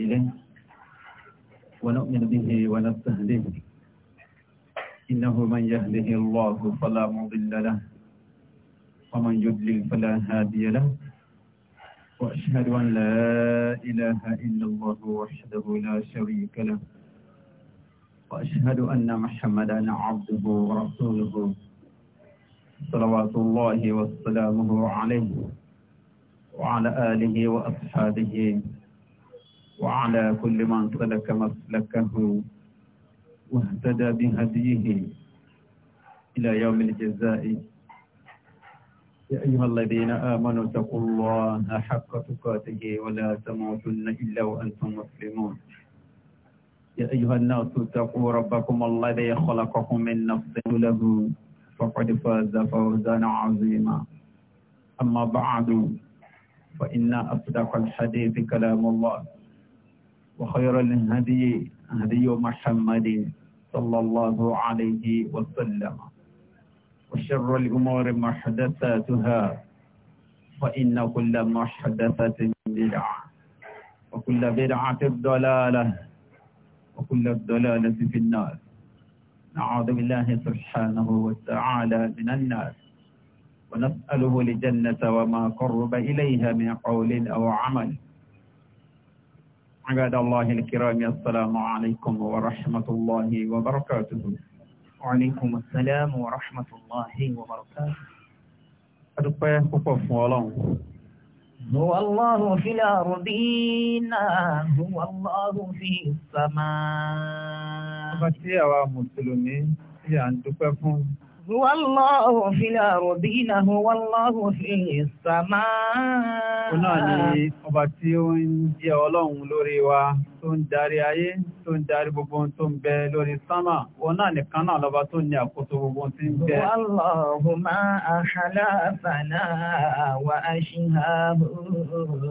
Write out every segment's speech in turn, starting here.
إليه ونؤمن به ونستهديه إنه من يهده الله فلا مضل له ومن يضلل فلا هادي له وأشهد أن لا إله إلا الله وحده لا شريك له وأشهد أن محمدا عبده ورسوله صلوات الله وسلامه عليه وعلى آله وأصحابه وعلى كل من سلك مسلكه واهتدى بهديه إلى يوم الجزاء يا أيها الذين آمنوا اتقوا الله حق تقاته ولا تموتن إلا وأنتم مسلمون يا أيها الناس اتقوا ربكم الذي خلقكم من نفس له فقد فاز فوزا عظيما أما بعد فإن أصدق الحديث كلام الله وخير الهدي هدي محمد صلى الله عليه وسلم وشر الأمور محدثاتها فإن كل محدثة بدعة وكل بدعة ضلالة وكل الضلالة في النار نعوذ بالله سبحانه وتعالى من النار ونسأله لجنة وما قرب إليها من قول أو عمل عباد الله الكرام السلام عليكم ورحمة الله وبركاته وعليكم السلام ورحمة الله وبركاته أدوكي كفف ولو هو الله في الأرضين هو الله في السماء أبتيا ومسلمين يا أنتو هو الله في الأرضين هو الله في السماء tó ń darí ayé tó ń darí gbogbo tó ń bẹ lórí sánmà wọn náà nìkan náà lọ́ba tó ní àkóso gbogbo tí ń bẹ. wa ashhabu.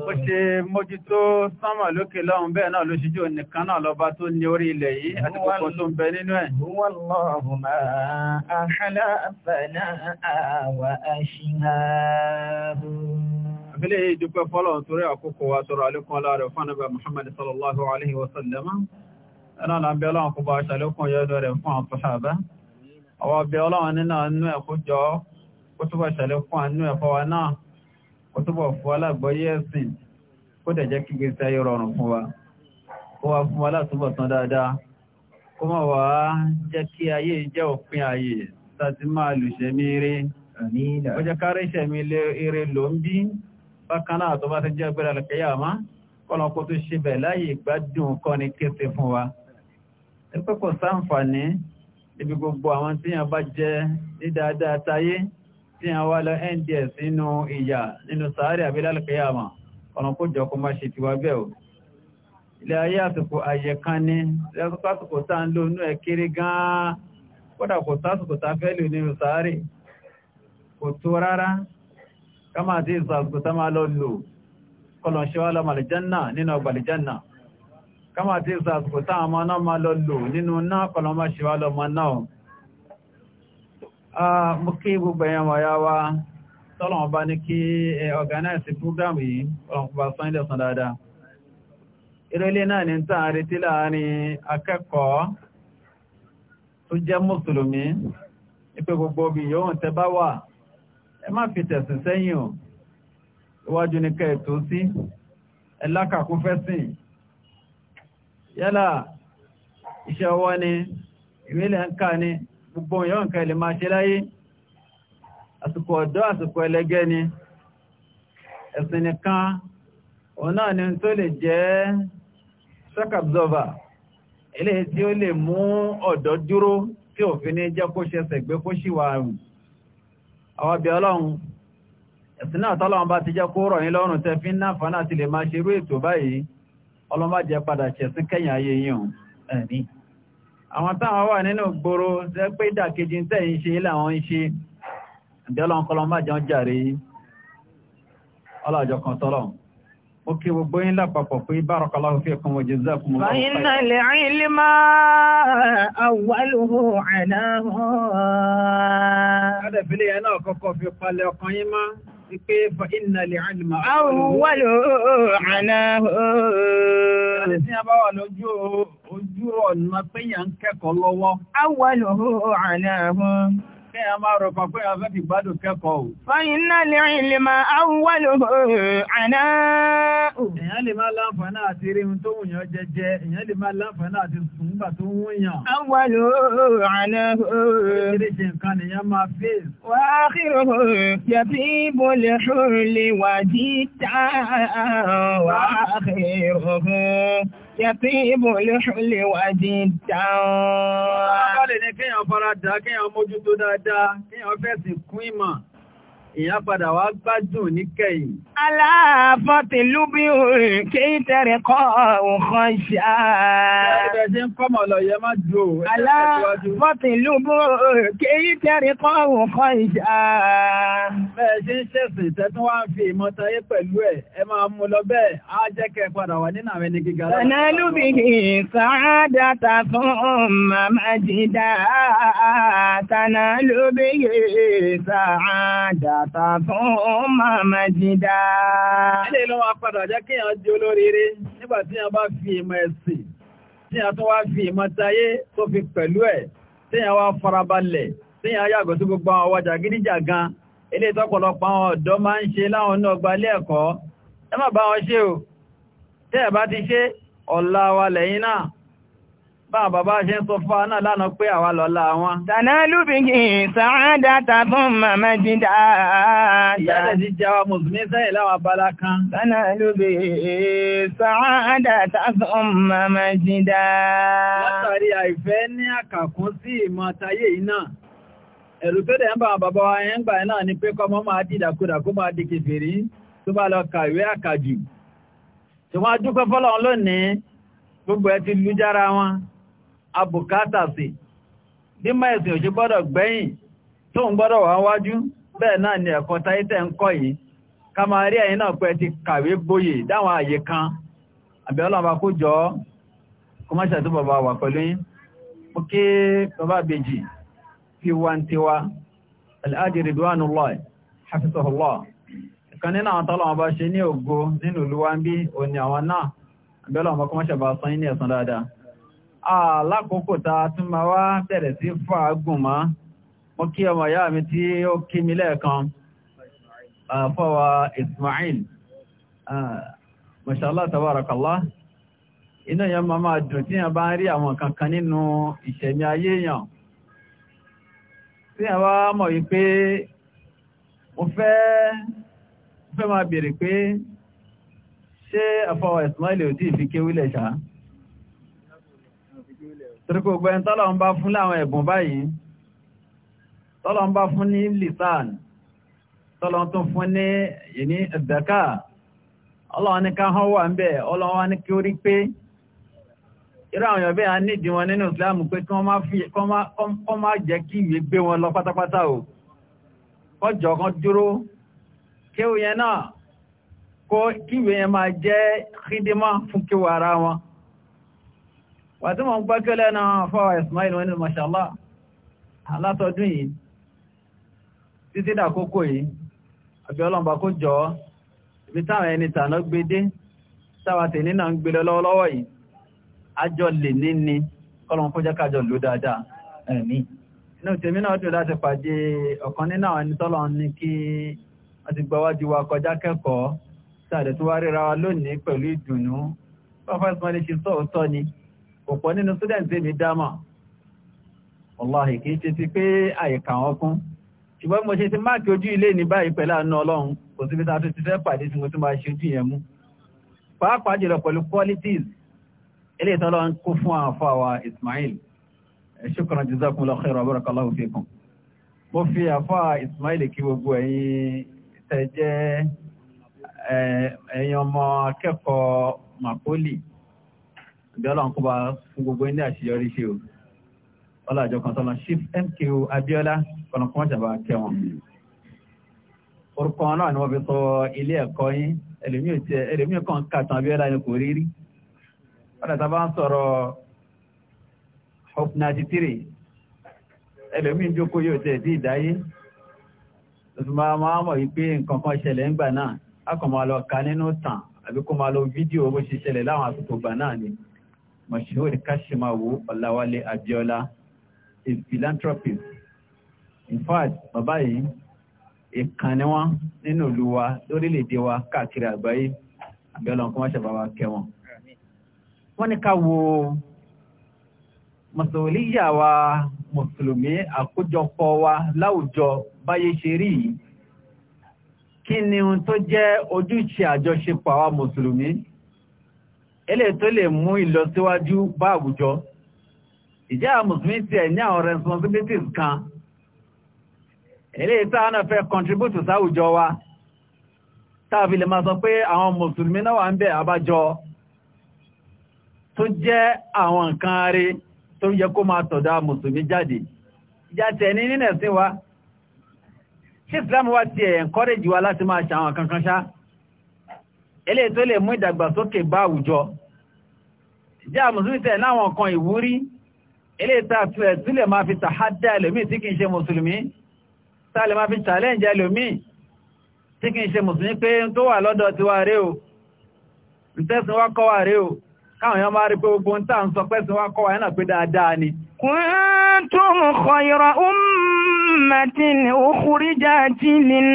ó ṣe mójútó sánmà lókè lọ́hùn bẹ́ẹ̀ náà ló ṣíjú nìkan náà lọ́ba tó ní orí ilẹ̀ yìí àti gbogbo tó ń bẹ nínú ẹ̀. Allahumma ahlafana wa ashhabu àfilẹ̀ yìí dúpẹ́ fọ́lọ̀ torí àkókò wa tọrọ alékún aláàrẹ fún ànábì Muhammad sallallahu alaihi wasallama ẹ̀nà na bí ọlọ́run kó bá aṣàlékún yọ́dọ̀ rẹ̀ fún àtúnṣàbá àwọn bí ọlọ́run nínà nú ẹ̀kọ́ jọ kó túbọ̀ ṣàlékún àánú ẹ̀fọ́ wa náà kó túbọ̀ fún alágbọ́yé ẹ̀sìn kó dẹ̀ jẹ́ kígbe sí ayé rọrùn fún ń bí bákanáà tó bá ti jẹ́ gbẹ́rẹ̀ alìkẹyàmá kọ́lọ̀kọ́ tó ṣe bẹ̀ láyé ìgbádùn kọ́ ni kéte fún wa ẹgbẹ́ kò sáǹfààní níbi gbogbo àwọn tí yàn bá jẹ́ ní dáadáa táyé tí yàn wá lọ nds nínú ìyà nínú sàárè àbílẹ̀ alìkẹyàmá kọ́lọ̀kọ́ jọ kó má ṣe tiwa bẹ́ẹ̀ o ilé ayé àsìkò àyè kama àti ìsàkù tá máa lọ lò kọlọ̀ṣẹ́wà lọ màlìjánà nínú ọgbàlìjánà kama àti ìsàkù tá àmà náà máa lọ lò nínú náà kọlọ̀mọ́ṣẹ́wà lọ ma náà mú kí gbogbo ẹ̀yàn wáyá wá tọ́lọ̀wọ́n bá ní kí ọ̀gánáìsì púrógámù yìí ọ̀pọ̀ sunday sun dáadáa ìrẹ́lé náà ní tàà retí láàrin akẹ́kọ̀ọ́ tó jẹ́ mùsùlùmí ipé gbogbo obì yóò tẹ́ bá wà ẹ má fi tẹ̀sìn sẹ́yìn o iwájú ní kẹ́ ètò sí ẹlákàkún fẹ́sìn yálà iṣẹ́ ọwọ́ ni ìwélẹ̀ ń ká ní gbogbo ìyọ́ nǹkan ilẹ̀ máa ṣe láyé àsìkò ọ̀dọ́ àsìkò ẹlẹ́gẹ́ ni ẹ̀sìn nìkan òun náà ni tó lè jẹ́ shock absorber eléyìí tí ó lè mú ọ̀dọ́ dúró tí òfin ní jẹ́ kó ṣẹsẹ̀ gbé kó ṣìwà àrùn àwọn bí ọlọ́run ẹ̀sìn náà tọ́lọ́run bá ti jẹ́ kó rọ̀ yín lọ́rùn tẹ́ fi ń náà fánà ti lè máa ṣerú ètò báyìí ọlọ́run bá jẹ́ padà ṣẹ̀sìn kẹ́yìn ayé yín ẹ̀ní àwọn táwọn wà Òkè gbogbo yín lápapọ̀ pé barakallahu fiikum wa jazakumullahu khairan. Fa inna al-ilma awwaluhu alama. Adẹ̀fẹ́lẹ̀ yẹn náà kọ́kọ́ fi palẹ̀ ọkàn yín mọ́ sí pé fa inna al-ilma awwaluhu alama. Ẹni tí a bá wà lójú ojú ọ̀nà péyà ń kẹ́kọ̀ọ́ lọ́wọ́. Awwaluhu alama. Kẹ́yà máa rọ̀ pàpọ̀ yà fẹ́ fi gbádùn kẹ́kọ̀ọ́ o. Fọ́yìn náà lè rìn lè máa áwúwà lóhò àná. Èèyàn lè máa láǹfààní àti àti Yàtíb olóṣùlé wà jí dáun. Ọlọ́pàá lè ní kíyàn fara dá, kíyàn mójútó dáadáa, kíyàn fẹ́sì kún ìmọ̀. ìyá padà wá gbádùn níkẹyìn. aláàfọ́tì lúbí òrìn kí tẹ̀rẹ̀ kọ́ nǹkan ṣá. ẹgbẹ́ ṣe ń kọ́mọ̀ lọ yẹ má jò. lúbí òrìn kí tẹ̀rẹ̀ kọ́ nǹkan ṣá. bẹ́ẹ̀ lúbí sàádàtà fún màmá jìdá tànà lúbí sàádàtà. Àtàkùn màmá jìdá. Ilé ló máa padà jẹ́ kí èèyàn di olóríire nígbà tí èèyàn bá fi ìmọ̀ ẹ̀sìn, tí èèyàn tó wá fi ìmọ̀ tayé tó fi pẹ̀lú ẹ̀, tí èèyàn wá farabalẹ̀, tí èèyàn yàgò sí gbogbo àwọn ọjà gídíjà gan. Ilé tọ́pọ̀lọpọ̀ àwọn ọ̀dọ́ máa ń ṣe láwọn náà gba ilé ẹ̀kọ́. Ẹ má bá wọn ṣe o. Tẹ́ ẹ̀ bá ti ṣe, ọ̀la wa lẹ́yìn náà. Báwọn bàbá ṣe ń sọ fún ọ̀nà lánàá pé àwa lọ́lá wọn. Tànà lúbìkì sàádà tàbọn màmá jídá. Ìyájẹ̀ ti jẹ́ wa Mùsùlùmí sẹ́yìn láwọn abala kan. Tànà lúbìkì sàádà tàbọn màmá jídá. Látàrí àìfẹ́ ní àkàkún sí ìmọ̀ àtayé yìí wa gbogbo ẹ ti lu jára wọn abùkátà sí bí mẹ́ẹ̀sìn òṣì gbọ́dọ̀ gbẹ̀yìn tó ń gbọ́dọ̀ wà wájú bẹ́ẹ̀ náà ni ẹ̀kọ́ táyítẹ̀ ń kọ́ yìí ká máa rí ẹ̀yin náà ti kàwé gboyè dáwọn àyè kan àbí ọlọ́mà kó jọ kó má ṣàtú bàbá wà pẹ̀lú yín mo bàbá ìkan nínú àwọn bá ṣe ní ògo nínú ìlú wa ń bí òní àwọn náà alákòókò ta tún ma wá bẹ̀rẹ̀ sí fàágùn ma mọ́ kí ọmọ ìyá mi tí ó kí mi lẹ́ẹ̀kan fọ́wà Ismail Masha Allah tabarakallah inú yẹn ma máa dùn tí yẹn bá ń rí àwọn kankan nínú ìṣẹ̀mí ayé yàn tí yẹn wá mọ̀ wípé mo fẹ́ fẹ́ máa bèèrè pé ṣé àfọwà Ismail ò tí ì fi kéwílẹ̀ ṣáá torípé gbogbo ẹni tọ́lọ̀ ń bá fún láwọn ẹ̀bùn báyìí tọ́lọ̀ ń bá fún ní lisan tọ́lọ̀ tún fún ní ìní ẹ̀dẹ̀ká ọlọ́wọ́n ní ká hàn wà ń bẹ̀ ọlọ́wọ́n ní kí ó rí pé irú àwọn ọ̀bẹ́ à nídìí wọn nínú Islam pé kí wàtí wọ́n ń gbájú lẹ́nà fọ́wà Ismail wọn ni mọ̀ṣálá látọdún yìí títí dàkókò yìí àbí ọlọ́mbà kó jọ ibi táwọn ẹni tàná gbé dé sáwàtẹ̀ nínà ń gbé lọ́wọ́lọ́wọ́ yìí àjọ lè ní ni kọ́lọ̀n wa kọjá kẹ́kọ̀ọ́ sáàdẹ̀ tó wá ríra wa lónìí pẹ̀lú ṣe sọ́ọ̀tọ́ ni ọ̀pọ̀ nínú students èmi dámà wàláhì kìí ṣe ti pé àyíká wọn kún ṣùgbọ́n mo ṣe ti máàkì ojú ilé ní báyìí pẹ̀lú àánú ọlọ́run kò sí fíta tó ti fẹ́ pàdé tí mo tún máa ṣe ojú yẹn mú pàápàá jùlọ pẹ̀lú qualities eléyìí tó lọ́n fún àǹfà wa Ismail ṣukran jazakumullahu khairan wa barakallahu fikum mo fi àǹfà Ismail kí gbogbo ẹ̀yin tẹ́ jẹ́ ẹ̀yin ọmọ akẹ́kọ̀ọ́ Makoli ìbíọ́lọ́n kó bá fún gbogbo ilé àṣeyọrí ṣe o ọlọ́àjọ kan tọ́lọ chief MKO Abíọ́lá kọ̀nàkọ́ ìjàmbá kẹwọn orúkọ náà ni wọ́n fi sọ ilé ẹ̀kọ́ yín ẹlòmíì kan kàtàn Abíọ́lá ni kò rí rí ọ̀dà tá a bá ń sọ̀rọ̀ hope ninety three ẹlòmíì jókòó yóò tẹ̀ sí ìdáyé òtún máa máa mọ̀ wípé nǹkan kan ṣẹlẹ̀ ńgbà náà a kàn máa lọ ka nínú tàn àbí kó máa lọ fídíò bó ṣe ṣẹlẹ̀ láwọn àsìkò gbà náà ni Mashhuri Kashimawo Ọláwálé Abíọ́lá is philanthropist. In fact, bàbá yìí, ìkànnì wọn nínú ìlú wa lórílẹ̀-èdè wa káàkiri àgbáyé, Abíọ́lá nǹkan wá ṣàbàwà kẹwọn. Wọ́n ní ká wo Mùsùlùmíyà wa Mùsùlùmí àkójọpọ̀ wa láwùjọ báyé ṣe rí Kí ni tó jẹ́ ojúṣe àjọṣepọ̀ àwa Mùsùlùmí? ilé tó lè mú ìlọsíwájú bá àwùjọ ìjẹ́ àmùsùmí ti ẹ̀ ní àwọn responsibilities kan ilé táà náà fẹ́ contribute sáwùjọ wa tàbí lè máa sọ pé àwọn mùsùlùmí náà wà ń bẹ àbájọ tó jẹ́ àwọn nǹkan rí tó yẹ kó máa tọ̀dá mùsùlùmí jáde ìjáde ní nínẹ̀ sí wa Islam wá ti encourage wa láti máa ṣe àwọn kankan ṣáá eléyìí tó lè mú ìdàgbàsókè bá àwùjọ jẹ́ àmùsùlùmí tẹ̀ láwọn kan ìwúrí eléyìí tá fẹ́ tí lè máa fi tàhádá ẹlòmí tí kìí ṣe mùsùlùmí tá lè máa fi challenge ẹlòmí tí kìí ṣe mùsùlùmí pé tó wà lọ́dọ̀ tiwa wà rẹ̀ o káwọn èèyàn máa rí pé gbogbo ń tà ń sọ pẹ́sìn wá kọ́ wa náà pé dáadáa ni. kuntum khayra ummatin ukhrijat lin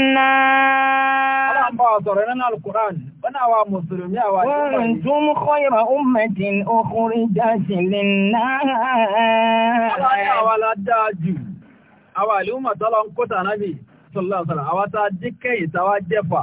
wa sọ̀rọ̀ nínú alukur'an wọn náà wà mùsùlùmí àwa. kuntum khayra ummatin ń kó tà náà bì sọ̀rọ̀ sọ̀rọ̀ àwa kẹ́yìn tá jẹ́fà.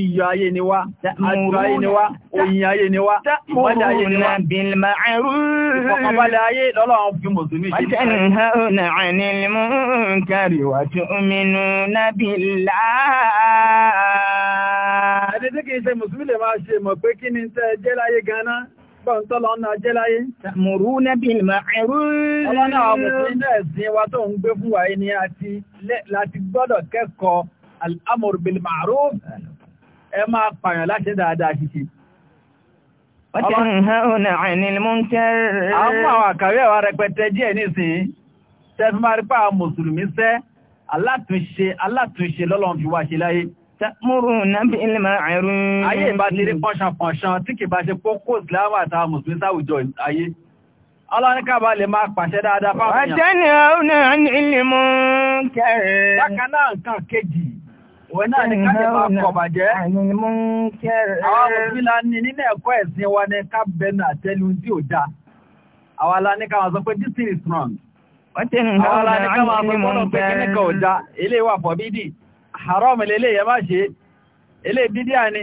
iyọ̀ ayé ni wá, àjò ayé ni wá, oyin ayé ni wá, ìwádà ayé ni wá. Ìfọ̀kànbalẹ̀ ayé lọ́lọ́run fi Mùsùlùmí ṣe. Wàtẹ́nìhánà ànil munkari wa tu'minuna billah. Ẹni tí kìí ṣe Mùsùlùmí lè máa ṣe mọ̀ pé kí ni tẹ́ jẹ́ láyé tọ́lọ ọ̀nà ajẹ́ láyé. Mùrú nẹ́bí ìmọ̀ ẹ̀rú. Ọlọ́nà àwọn Mùsùlùmí wa tó ń gbé fún wa ẹni láti gbọ́dọ̀ kẹ́kọ̀ọ́ al-amru ẹ máa pààyàn láṣẹ dáadáa ṣíṣe Wọ́n àwọn àkàrí ẹ̀wà rẹpẹtẹ náà bí ilẹ̀ máa rú. Ayé ìbá ti rí pọ́ṣanpọ̀ṣan tí kì bá ṣe kókó ìsìláwà àtàwọn Mùsùlùmí sáwùjọ ayé. Ọlọ́níkàbà lè máa pàṣẹ dáadáa fáwọn èèyàn. Ọjọ́ ni òun náà ni káyọ̀ máa kọ̀ bàjẹ́. àwọn mùsùlùmí ni nínú ẹ̀kọ́ ẹ̀sìn wa ni ká bẹnu àtẹ́lu tí ò dáa. àwa la ní ká máa sọ pé this thing is wrong. àwa la ní ká máa sọ fọ́nà pé kíní kan ò dáa. ilé wa forbidden haram lélẹ̀ yẹn má ṣe. ilé bídíà ni.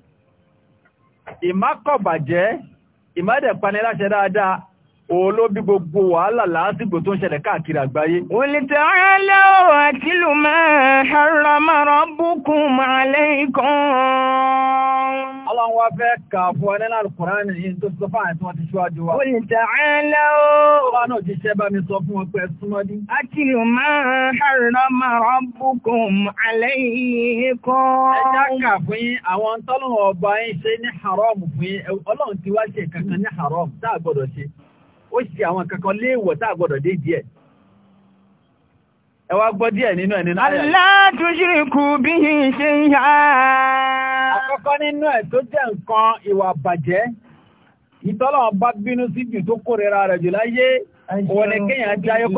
ìmákọ̀bàjẹ́ ìmádẹ̀paniláṣẹ dáadáa olóbi gbogbo wàhálà lásìkò tó ń ṣẹlẹ̀ káàkiri àgbáyé. olùtẹ̀ ọ̀rẹ́ lọ́wọ́ àti ló máa haramara bukun alaykum. ọlọ́run wa fẹ́ kà fún ẹ nínú alukoran yìí tó sọ fún àìsàn ti ṣíwájú wa. olùtẹ̀ ọ̀rẹ́ lọ́wọ́. ọlọ́run náà ti ṣẹ́ bá mi sọ fún wọn súnmọ́dí. àti ló haramara bukun alaykum. ẹ já kà fún yín àwọn tọ́lùmọ̀ ọba yín ṣe ní haram fún yín ọlọ́run ti wá ṣe kankan ní haram tá a gbọ́dọ̀ ṣe ó ṣe àwọn kankan léèwọ̀ tá a gbọ́dọ̀ dé díẹ̀ ẹ wá gbọ́ díẹ̀ nínú ẹ̀ nínú ayẹ̀. aláàtúnṣìrìkù bí i ṣe ń yá. àkọ́kọ́ nínú ẹ̀ tó jẹ́ nǹkan ìwà bàjẹ́ ìtọ́lọ́wọ́n bá bínú sí jù tó kórìíra rẹ̀ jù láyé òun ni kéèyàn jáyé tán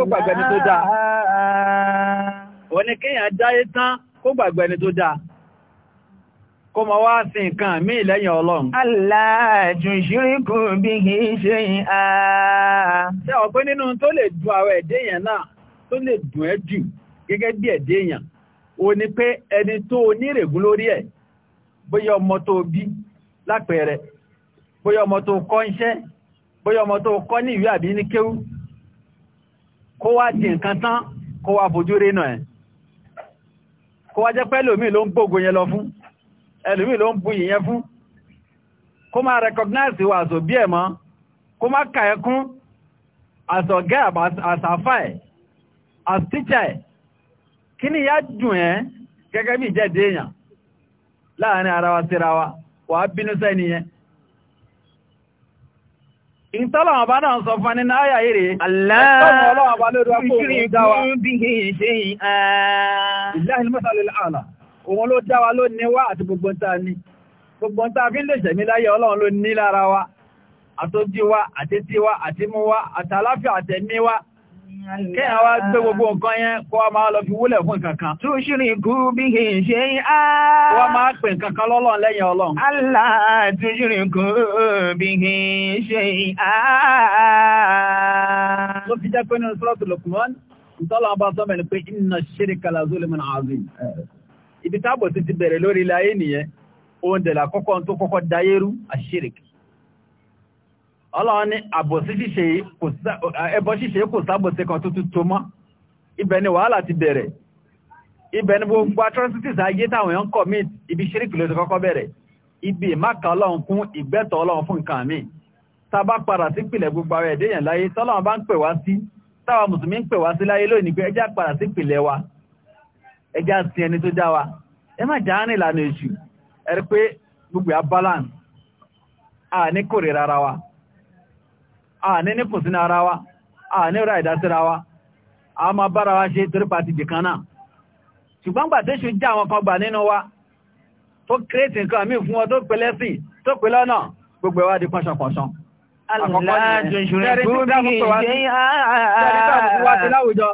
kó gbàgbẹ́ni tó dáa kó mọ wá sí nǹkan mí lẹ́yìn ọlọ́run. aláàjù ìṣíríkù bí kì í ṣe à. ṣé ọ̀pẹ́ nínú tó lè du àwọn ẹ̀dẹ́ èèyàn náà tó lè dùn ẹ́ jù gẹ́gẹ́ bí ẹ̀dẹ́ èèyàn o ní pé ẹni tó onírègún lórí ẹ̀ bóyá ọmọ tó bí lápẹẹrẹ bóyá ọmọ tó kọ́ iṣẹ́ bóyá ọmọ tó kọ́ ní ìwé àbí ní kéwú kó wá di nǹkan tán kó wá fojú rénà ẹ̀ kó wá jẹ́ pẹ́lòmíì ló ń gbógun yẹn lọ fún ẹlùmí ló ń bu ìyẹn fún kó máa recognize wa àṣò bí ẹ̀ mọ́ kó máa kà ẹ́ kún àṣọ̀gẹ́ àṣàfà ẹ̀ àṣìtíjà ẹ̀ kí ni ìyá dùn ẹ́ gẹ́gẹ́ bí ìjẹ́ déèyàn láàrin ara wa síra wa wà á bínú sẹ́ni yẹn ìtọ́lọ̀ ọba náà sọ fún ẹni náà yàí òun ló dá wa ló ní wá àti gbogbo ń tàà ní gbogbo ń tàà fi ń lè ṣẹ̀mí láyé ọlọ́run ló ní lára wa àtójú wa àti tí wa àti mú wa àti àláfíà àtẹ̀mí wa kẹ́yà wá gbé gbogbo nǹkan yẹn kó wa máa lọ fi wúlẹ̀ fún kankan tó ṣírí kú bí i ṣe á wọ́n máa pè kankan lọ́lọ́run lẹ́yìn ọlọ́run Allah tó ṣírí kú bí i ṣe á ló fi jẹ́ pé nínú Suratul Luqman ìtọ́lọ́ ibi tábọ̀ ti ti bẹ̀rẹ̀ lórí ilẹ̀ ayé nìyẹn oúnjẹ làkọ́kọ́ tó kọ́kọ́ dayérú àṣírìkì ọlọ́run ní àbòsí ṣíṣe ẹbọ ṣíṣe kò sábòsí kan tuntun tó mọ́ ibẹ̀ ni wàhálà ti bẹ̀rẹ̀ ibẹ̀ ni gbogbo atrocities ayé táwọn èèyàn commit ibi ṣíríkì ló ti kọ́kọ́ bẹ̀rẹ̀ ibi ìmáka ọlọ́run kún ìgbẹ́tọ̀ ọlọ́run fún nǹkan mi tá a bá padà sí ìpìlẹ̀ gbogbo ẹjá sí ẹni tó dá wa ẹ má jà á ní ìlànà èṣù ẹ̀rí pé gbogbo ya balance a ní kórìíra ara wa a ní ní kùsínà ara wa a ní ra ìdásíra wa a máa bára wa ṣe torí pàtì bìkan náà ṣùgbọ́n gbà tẹ́ṣù já àwọn kan gbà nínú wa tó kírètì nǹkan àmì fún wọn tó pẹ̀lẹ́ sí tó pẹ̀lẹ́ ọ̀nà gbogbo ẹwà di pọ́ṣọpọ̀ṣọ Àlùláàjò ìṣòro ìgbóhùn bí i ṣe àà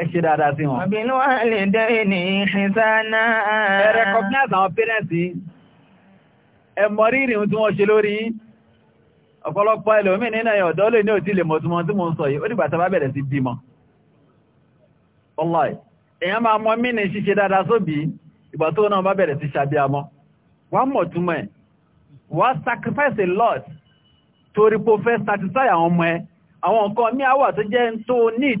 ẹ dáadáa sí wọn. àbínú àlèdè ní ìṣìṣànà. ẹ recognize àwọn pẹ́rẹ́ǹsì ẹ mọ rírì tí wọ́n ṣe lórí ọ̀pọ̀lọpọ̀ ẹlòmíì nínú ẹ̀yàn ọ̀dọ́ lè ní òtí lè mọ̀ tí mo ń sọ yìí ó bá bẹ̀rẹ̀ sí bímọ. torí pé satisfy àwọn ọmọ ẹ àwọn nǹkan mi àwà tó jẹ́ tó need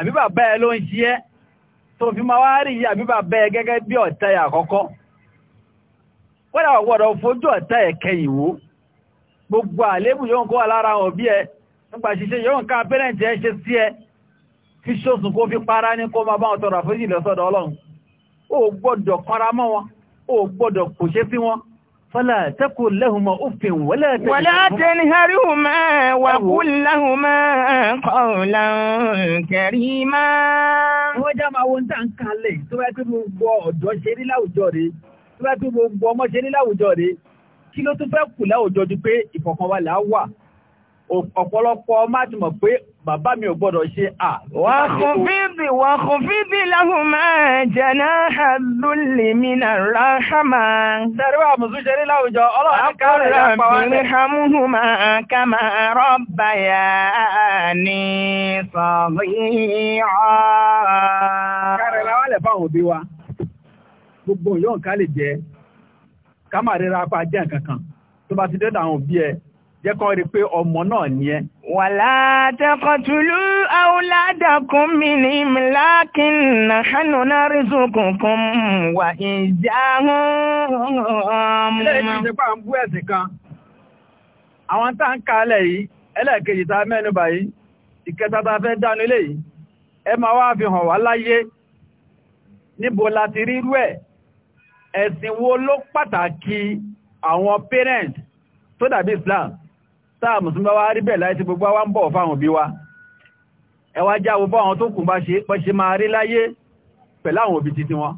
àbí bàbá ẹ ló ń ṣe ẹ́ tó fi máa wá rí yìí àbí bàbá ẹ gẹ́gẹ́ bí ọ̀tá ẹ àkọ́kọ́ wọ́n àwọn ọ̀dọ̀ fojú ọ̀tá ẹ kẹyìn wò gbogbo àlébù yóò kó wà lára àwọn òbí ẹ nípa ṣiṣẹ́ yóò ká pẹ́rẹ́ǹtì ẹ ṣe sí ẹ فلا تقل لهما أف ولا تنهرهما ولا تنهرهما وقل لهما قولا كريما wọ́n já máa wo ń tà ń kan lè tó bá tó gbogbo ọ̀dọ́ ṣe rí láwùjọ rẹ̀ tó bá tó gbogbo ọmọ ṣe rí láwùjọ rẹ̀ kí ló tún fẹ́ kù láwùjọ ju pé ìfọ̀kànbalẹ̀ á wà ọ̀pọ̀lọpọ̀ máa ti mọ̀ pé bàbá mi ò gbọ́dọ̀ ṣe à. wàhùnfíìdì wàhùnfíìdì láhùnmá jẹ̀nà àlùlì mi nà ráhàmà. sẹ́ríwá mùsùlùmí ṣe rí láwùjọ ọlọ́run káàrẹ̀ lápá wá ní. àkàràbìnrin kàmà rọ́bàyà ní sọ̀rọ̀. kárẹ̀ la wálẹ̀ fáwọn òbí wa gbogbo yóò lè jẹ́ ká má ríra apá jẹ́ nǹkan kan tó bá ti dé jẹ́ kán rí pé ọmọ náà ni ẹ. wàlá taqtulu awladakum min imlakin nahnu narzuqukum wa iyyahum. ilé ìṣẹ́ pà ń bú ẹ̀sìn kan àwọn tá ń kalẹ̀ yìí ẹlẹ́ẹ̀kejì tá mẹ́nu báyìí ìkẹta tá fẹ́ dánú ilé ẹ máa wá fi hàn wá láyé níbo la ti rírú ẹ̀ ẹ̀sìn wo ló pàtàkì àwọn parents tó dàbí Islam táà mùsùlùmí wá rí bẹ̀ láì tí gbogbo wá ń bọ̀ fáwọn òbí wa ẹ wá jáwó bọ́ àwọn tó kù bá ṣe pẹ́ṣe máa rí láyé pẹ̀lú àwọn òbí títí wọn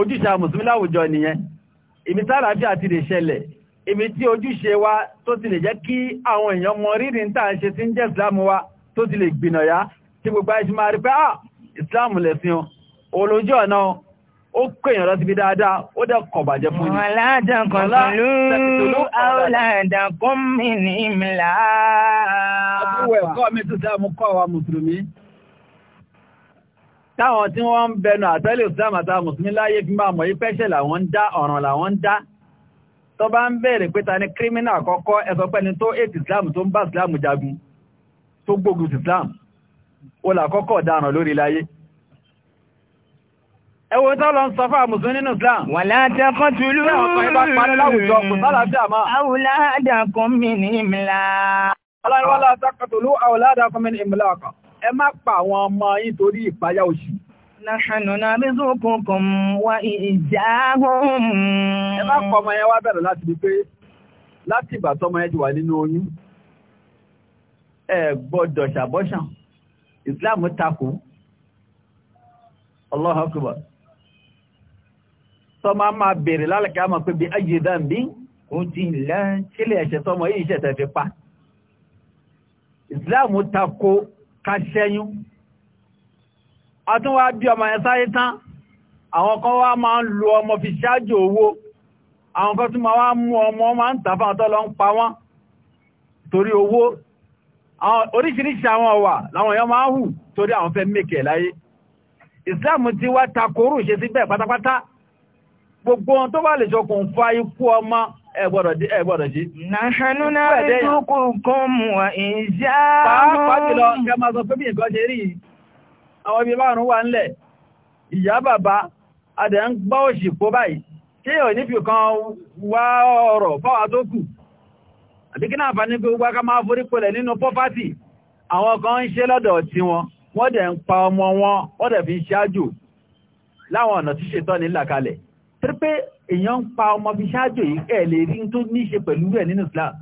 ojúṣe mùsùlùmí láwùjọ nìyẹn ibi tí àlàáfíà ti lè ṣẹlẹ̀ ibi tí ojúṣe wa tó ti lè jẹ́ kí àwọn èèyàn mọ rírì ń tà ń ṣe tí ń jẹ́ ìsìlámù wa tó ti lè gbìnàyà tí gbogbo ayé máa rí pé ah ìsìlámù lẹ̀sìn olójú ọ̀nà ó kèèyàn lọ síbi dáadáa ó dẹ̀ kọ̀bàjẹ́ fún yìí. wọ́lá dàkọ̀ tòlú àwòlá dàkọ̀ mi ní ìmìlá. àbúwọ̀ ẹ̀kọ́ mi tó dáa mú kọ́ àwa mùsùlùmí. táwọn tí wọ́n ń bẹnu àtẹ́lẹ̀ islam àtàwọn mùsùlùmí láyé fi máa mọ̀ yí pẹ́ṣẹ̀ làwọn ń dá ọ̀ràn làwọn ń dá. tó bá ń béèrè pé ta ni kírímínà àkọ́kọ́ ẹ sọ pé ni tó ètì islam tó ń bá islam jagun tó gbógun islam ó làkọ́kọ́ ọ̀daràn lórí láyé ẹwọ tọ́lọ ń sọ fún àmùsùn nínú Islam wà látẹ́kọ́ tùlú àwùládàkùn mi ní ìmìlá ọlọ́run wà látẹ́kọ́ tùlú àwùládàkùn mi ní ìmìlá ọkọ̀ ẹ má pa àwọn ọmọ yín torí ìpayà oṣù Nàṣànù náà bí sókùn kan wá ìjáhùn. Ẹ má pọ̀ ọmọ yẹn wá bẹ̀rẹ̀ láti bí pé láti ìgbà tọ́mọ yẹn ti wà nínú oyún. Ẹ gbọ́dọ̀ ṣàbọ́ṣàn. Ìsìláàmù takò. Allahu akbar tọ́mọ a máa bèèrè lálẹ́kẹ́ a máa pé bí ayé dáǹbí ó ti lẹ́ kílẹ̀ ẹ̀ṣẹ̀ tọ́mọ yìí ṣẹ̀ tẹ́ fi pa islam tako ká ṣẹ́yún a tún wá bí ọmọ yẹn sáyé tán àwọn kan wá máa ń lo ọmọ fi ṣáájú owó àwọn kan tún máa wá mú ọmọ máa ń tà fáwọn lọ ń pa wọ́n torí owó oríṣiríṣi àwọn ọ̀wà làwọn èèyàn máa ń hù torí àwọn fẹ́ mẹ́kẹ̀ẹ́ láyé islam ti wá takoru ṣe sí pátápátá gbogbo ohun tó bá lè ṣokùn fa ikú ọmọ ẹgbọ́dọ̀ jí. Nàṣánú náà rí tókù kún mú wà ìjá mú. Pàápàá jùlọ, ká máa sọ pé bí nǹkan ṣe rí yìí, àwọn ibi márùn-ún wà ńlẹ̀, ìyá bàbá, adẹ̀ ń gbọ́ òṣì kó àwọn kan ń ṣe lọ́dọ̀ tí wọn, wọ́n dẹ̀ ń pa ọmọ wọn, wọ́n dẹ̀ fi ń láwọn ọ̀nà tí ṣetán ní làkalẹ̀. torí pé èèyàn ń pa ọmọ fi ṣáájò yìí ẹ̀ lè rí tó ní ṣe pẹ̀lú rẹ̀ nínú Islam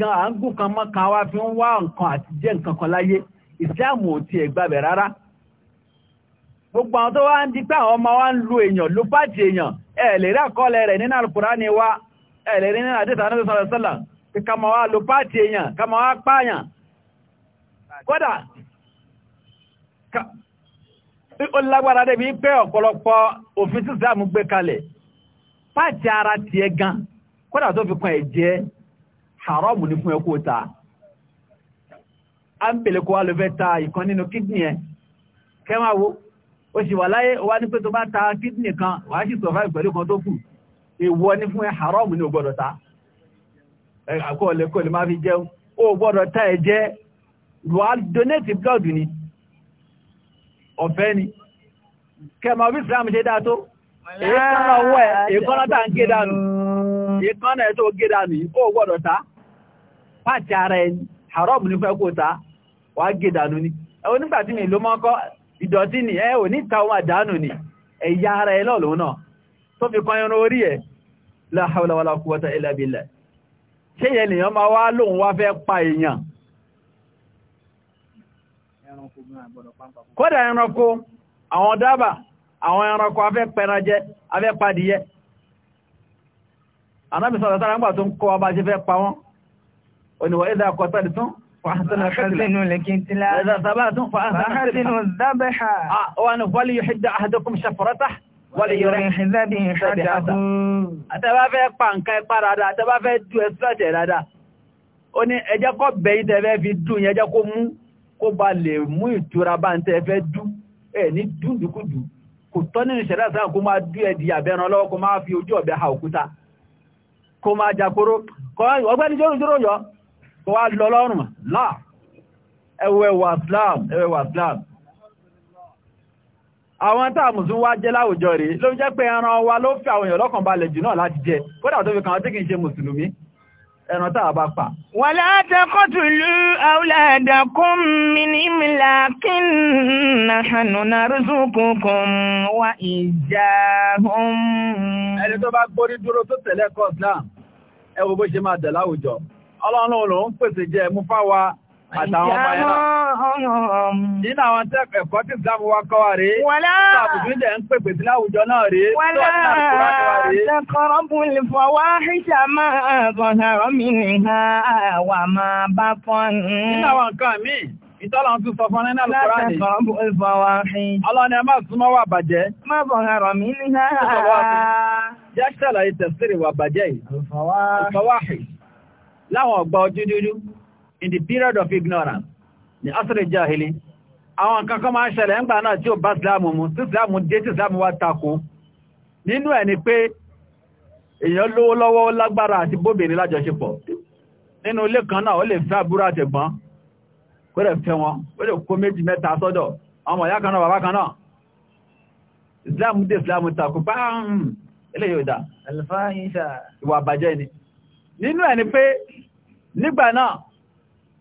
gan an gùn kan mọ́ kan wá fi ń wá nǹkan àti jẹ́ nǹkan kan láyé Islam ò tiẹ̀ rárá gbogbo àwọn tó wá ń ọmọ wa ń lu èèyàn ló bàjẹ́ èèyàn lè rí àkọọ́lẹ̀ rẹ̀ nínú ọmọ pé ká máa wá ó lágbára débi pé ọ̀pọ̀lọpọ̀ òfin tí Islam gbé kalẹ̀ pàtí ara tiẹ̀ gan kódà tó fi kan ẹ̀jẹ̀ haram ní fún ẹkú ta a ń pèlè kó wá ló fẹ́ ta ìkan nínú kídìnì ẹ kẹwàá wo ó sì wà láyé wá ní pé tó bá ta kídìnì kan wàá sì survive pẹ̀lú kan tó kù èèwọ̀ ní fún ẹ haram ní o gbọ́dọ̀ ta àkọọ̀lẹ̀ kò lè má fi jẹun o gbọ́dọ̀ ta ẹ̀jẹ̀ wàá donate blood ni ọ̀fẹ́ ni kẹmọ bí islam ṣe dáa tó èékánná ọwọ́ ẹ̀ èékánná tá ń gé dànù èékánná ẹ̀ tó gé dànù ó gbọ́dọ̀ ta pàtì ara ẹni haram ní fẹ́ kó ta wà á gé dànù ni ẹwọ́ nígbà mi ló mọ́kọ́ kọ́ ìdọ̀tí ni ẹ ò ní ta ohun àdánù ni ẹ̀yà ara ẹ lọ́lọ́ náà tó fi kan irun orí ẹ̀ la hawla wala quwwata illa ṣé yẹn lèèyàn máa wá lóun wá fẹ́ pa èèyàn kódà ẹranko àwọn dábà àwọn ẹranko afẹ́ pẹranjẹ afẹ́ padìyẹ anábì sọ̀rọ̀ sára nígbà tó ń kọ́ ọba ṣe fẹ́ pa wọ́n oníwọ̀ ẹ̀dà kọta lè tún fàásánà wọ́n lè yọrẹ ìṣẹ́bí ìṣẹ́bí àtà àtẹ́bá fẹ́ pa nǹkan ẹ̀pá rádá àtẹ́bá fẹ́ dú ẹ̀sùlọ́jẹ̀ rádá ó ní ẹjẹ́ kọ́ bẹ̀yìn tẹ́fẹ́ fi dùn ẹjẹ́ kó mú kó ba lè mú ìtura bá ń tẹ́ fẹ́ dú ẹ̀ ní dúndùkúdù kò tọ́ nínú ìṣẹ̀dá sáà kó máa dú ẹ̀dì àbẹ́ran lọ́wọ́ kó máa fi ojú ọ̀bẹ ha òkúta kó máa jàporó ọgbẹ́ni jóròjórò yọ kó wá lọ lọ́rùn láà ẹwẹ́wà Islam ẹwẹ́wà Islam àwọn tá àmùsùn wá jẹ́ láwùjọ rèé ló jẹ́ pé ẹran wa ló fi àwọn èèyàn lọ́kàn balẹ̀ jù náà láti jẹ kódà tó fi kàn án tí kì í ṣe mùsùlùmí ẹran tá a bá pa. wà látàkọ́ tó lú àwùládàkùn mi ní ìmìlà kí nà hànú na rúzùkú kan wá ìjà ẹni tó bá gbórí dúró tó tẹ̀lé kọ́ islam ẹ wo bó ṣe máa dẹ̀ láwùjọ ọlọ́run ló ń pèsè jẹ mú fáwa àtàwọn ọmọ ẹ̀nà. Nínú àwọn tẹ́ẹ̀kọ̀ ẹ̀kọ́ tí ìsìláàmù wa kọ́ wa rèé, wọ́lá ń tún sọ fún nínú Al-Qur'ani. Ọlọ́ni ẹ súnmọ́ wà bàjẹ́. Má bọ̀ ọ̀rọ̀ mi ní náà. Jẹ́ ṣẹ̀lọ̀ ìtẹ̀sírì wà bàjẹ́ yìí. Ìfọwáhì. Láwọn ọgbà ojú dúdú in the period of ignorance ni asiri jahili àwọn kankan máa ń ṣẹlẹ̀ ń gbà náà tí ó bá islamu mu tí islamu dé tí islamu wá tako nínú ẹ̀ ni pé èèyàn lówó lọ́wọ́ lágbára àti bóbìnrin lájọṣepọ̀ nínú ilé kan náà ó lè fẹ́ àbúrò àtẹ̀gbọ́n kó rẹ̀ fẹ́ wọn ó lè kó méjì mẹ́ta sọ́dọ̀ ọmọ ìyá kan náà bàbá kan náà islamu dé islamu tako páàmù eléyìí ò dá ìwà àbàjẹ́ ni nínú ẹ̀ ni pé nígbà náà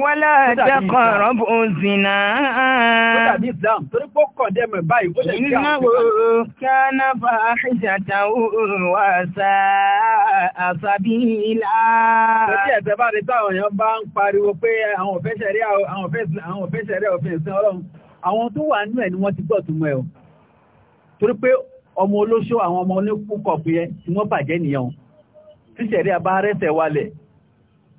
Wọ́lá àjẹ́kọ̀ rọ́bù òzìnà. Ó dàbí Islam torí pó kọ̀ dẹ́mọ̀ báyìí, ó lè jẹ́ àwọn ọ̀rọ̀. Kánà bá àṣìjàta òòrùn wà sáàbí ilá. Ó tí ẹ̀sẹ̀ bá rí táwọn èèyàn bá ń pariwo pé àwọn òfẹ́ ṣẹ̀ríà òfin ìsìn ọlọ́run. Àwọn tó wà nínú ẹ̀ ni wọ́n ti gbọ́ tún mọ́ ẹ̀ o. Torí pé ọmọ olóṣó àwọn ọmọ onípúpọ̀ pé tí wọ́n bàjẹ́ nìyẹn. Tíṣẹ̀rí àbá rẹ̀sẹ̀ walẹ̀.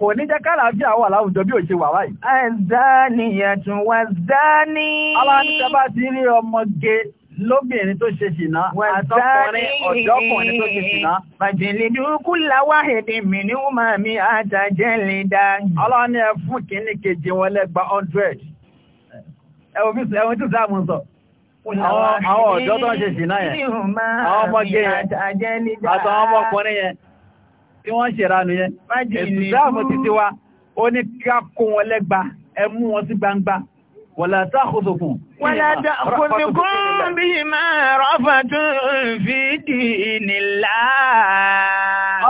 kò ní jẹ́ kálàáfíà àwọn láwùjọ bí òṣè wà wáyìí. wà wazani. aláǹtẹ̀ bá ti rí ọmọge lóbìnrin tó ṣe ṣìná ọ̀dọ́kùnrin tó ṣe ṣìná. fàjìlìdú kúlà wáhìdì mi àwọn ọ̀dọ́ tó ń ṣe ṣìná yẹn àwọn ọmọge yẹn àtàwọn yẹn. tí wọ́n ṣe ránu yẹn ìsìláàmù títí wa ó ní ká kó wọn lẹ́gba ẹ wọn sí gbangba wọ̀lá táàkùsùkùn wọ̀lá táàkùsùkùn bí máa rọ́fà tún fi dì nílá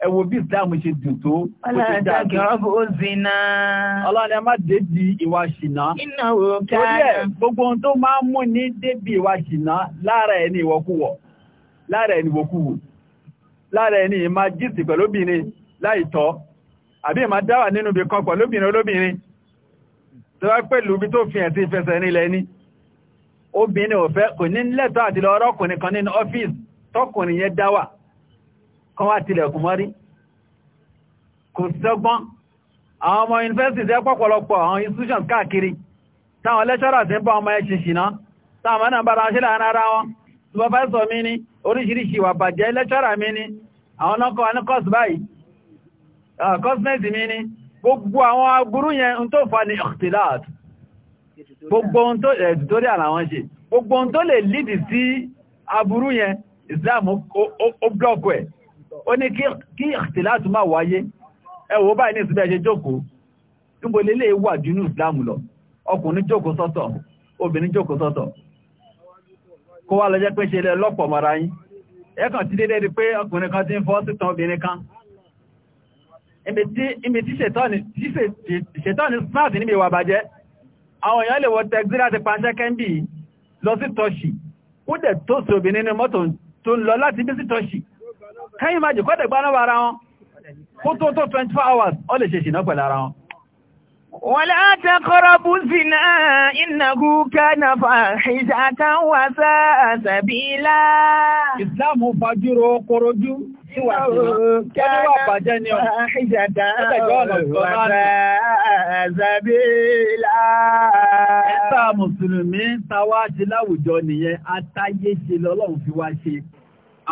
ẹ wo bí islam ṣe dùn tó ọlọ́ni ẹ má débi ìwà ṣìnà torí ẹ̀ gbogbo ohun tó máa ń mú ní débi ìwà ṣìnà lára ẹni ìwọ̀kúwọ̀ lára ẹni ìwọ̀kúwọ̀ lára ẹni ìmá jíìsì pẹ̀lú obìnrin láìtọ́ àbí ìmá dáwà nínú ibi kan pẹ̀lú obìnrin olóbìnrin tó wá pẹ̀lú ibi tó fi ẹ̀sìn ìfẹsẹ̀ nílẹ̀ ní obìnrin ò fẹ́ kò ní lẹ́tọ́ àti lọ ọ̀rọ̀kùnrin kan nínú ọ́fíìsì tọkùnrin yẹn dáwà kọ́ wá tilẹ̀kùn mọ́rí kò sọ́gbọ́n àwọn ọmọ university tẹ́ pọ̀pọ̀lọpọ̀ àwọn institutions káàkiri táwọn lecturer tẹ́ bá ọmọ ẹ̀ṣin ṣìná táwọn náà bára ṣe láàrin ara wọn supervisor mi ní oríṣiríṣi ìwà bàjẹ́ lecturer mi ní àwọn ọlọ́kọ̀ wa ní course báyìí course mate mi ní gbogbo àwọn agbúrú yẹn ń tó fa ní ikhtilat gbogbo ohun tó editorial eh, àwọn ṣe Islam ó block ẹ̀ ó ní kí ìtìláàtù máa wáyé ẹwọ báyìí ní ìsìnbẹ̀ ṣe jókòó níbo lélẹ̀ wà jùnú ìsìláàmù lọ ọkùnrin jókòó sọ́tọ̀ obìnrin jókòó sọ́tọ̀ kó wá lọ jẹ́ pé ṣe lẹ lọ́pọ̀ mara yín ẹkàn ti dédé di pé ọkùnrin kan ti ń fọ́ sítan obìnrin kan ibi tí ṣètọ́ni smart níbi ìwà bàjẹ́ àwọn èèyàn lè wọ tẹ́gbí láti pàṣẹ kẹ́ńbì lọ sí tọ́ṣì ó tó sí obìnrin ní mọ́tò tó ń lọ láti bí sí tọ́ṣì kẹ́yìn máa jù kọ́dẹ̀ gbá náà ara wọn kó tó tó 24 hours ó lè ṣe ṣìnà pẹ̀lú ara wọn wala taqrabu zina innahu kana fahishatan wa sa'a sabila ìsìláàmù fajúro korojú síwà sí ọdún wà bàjẹ́ ni ọ̀ ẹ̀ta mùsùlùmí tawá ṣe láwùjọ nìyẹn atáyé ṣe lọ́lọ́run fi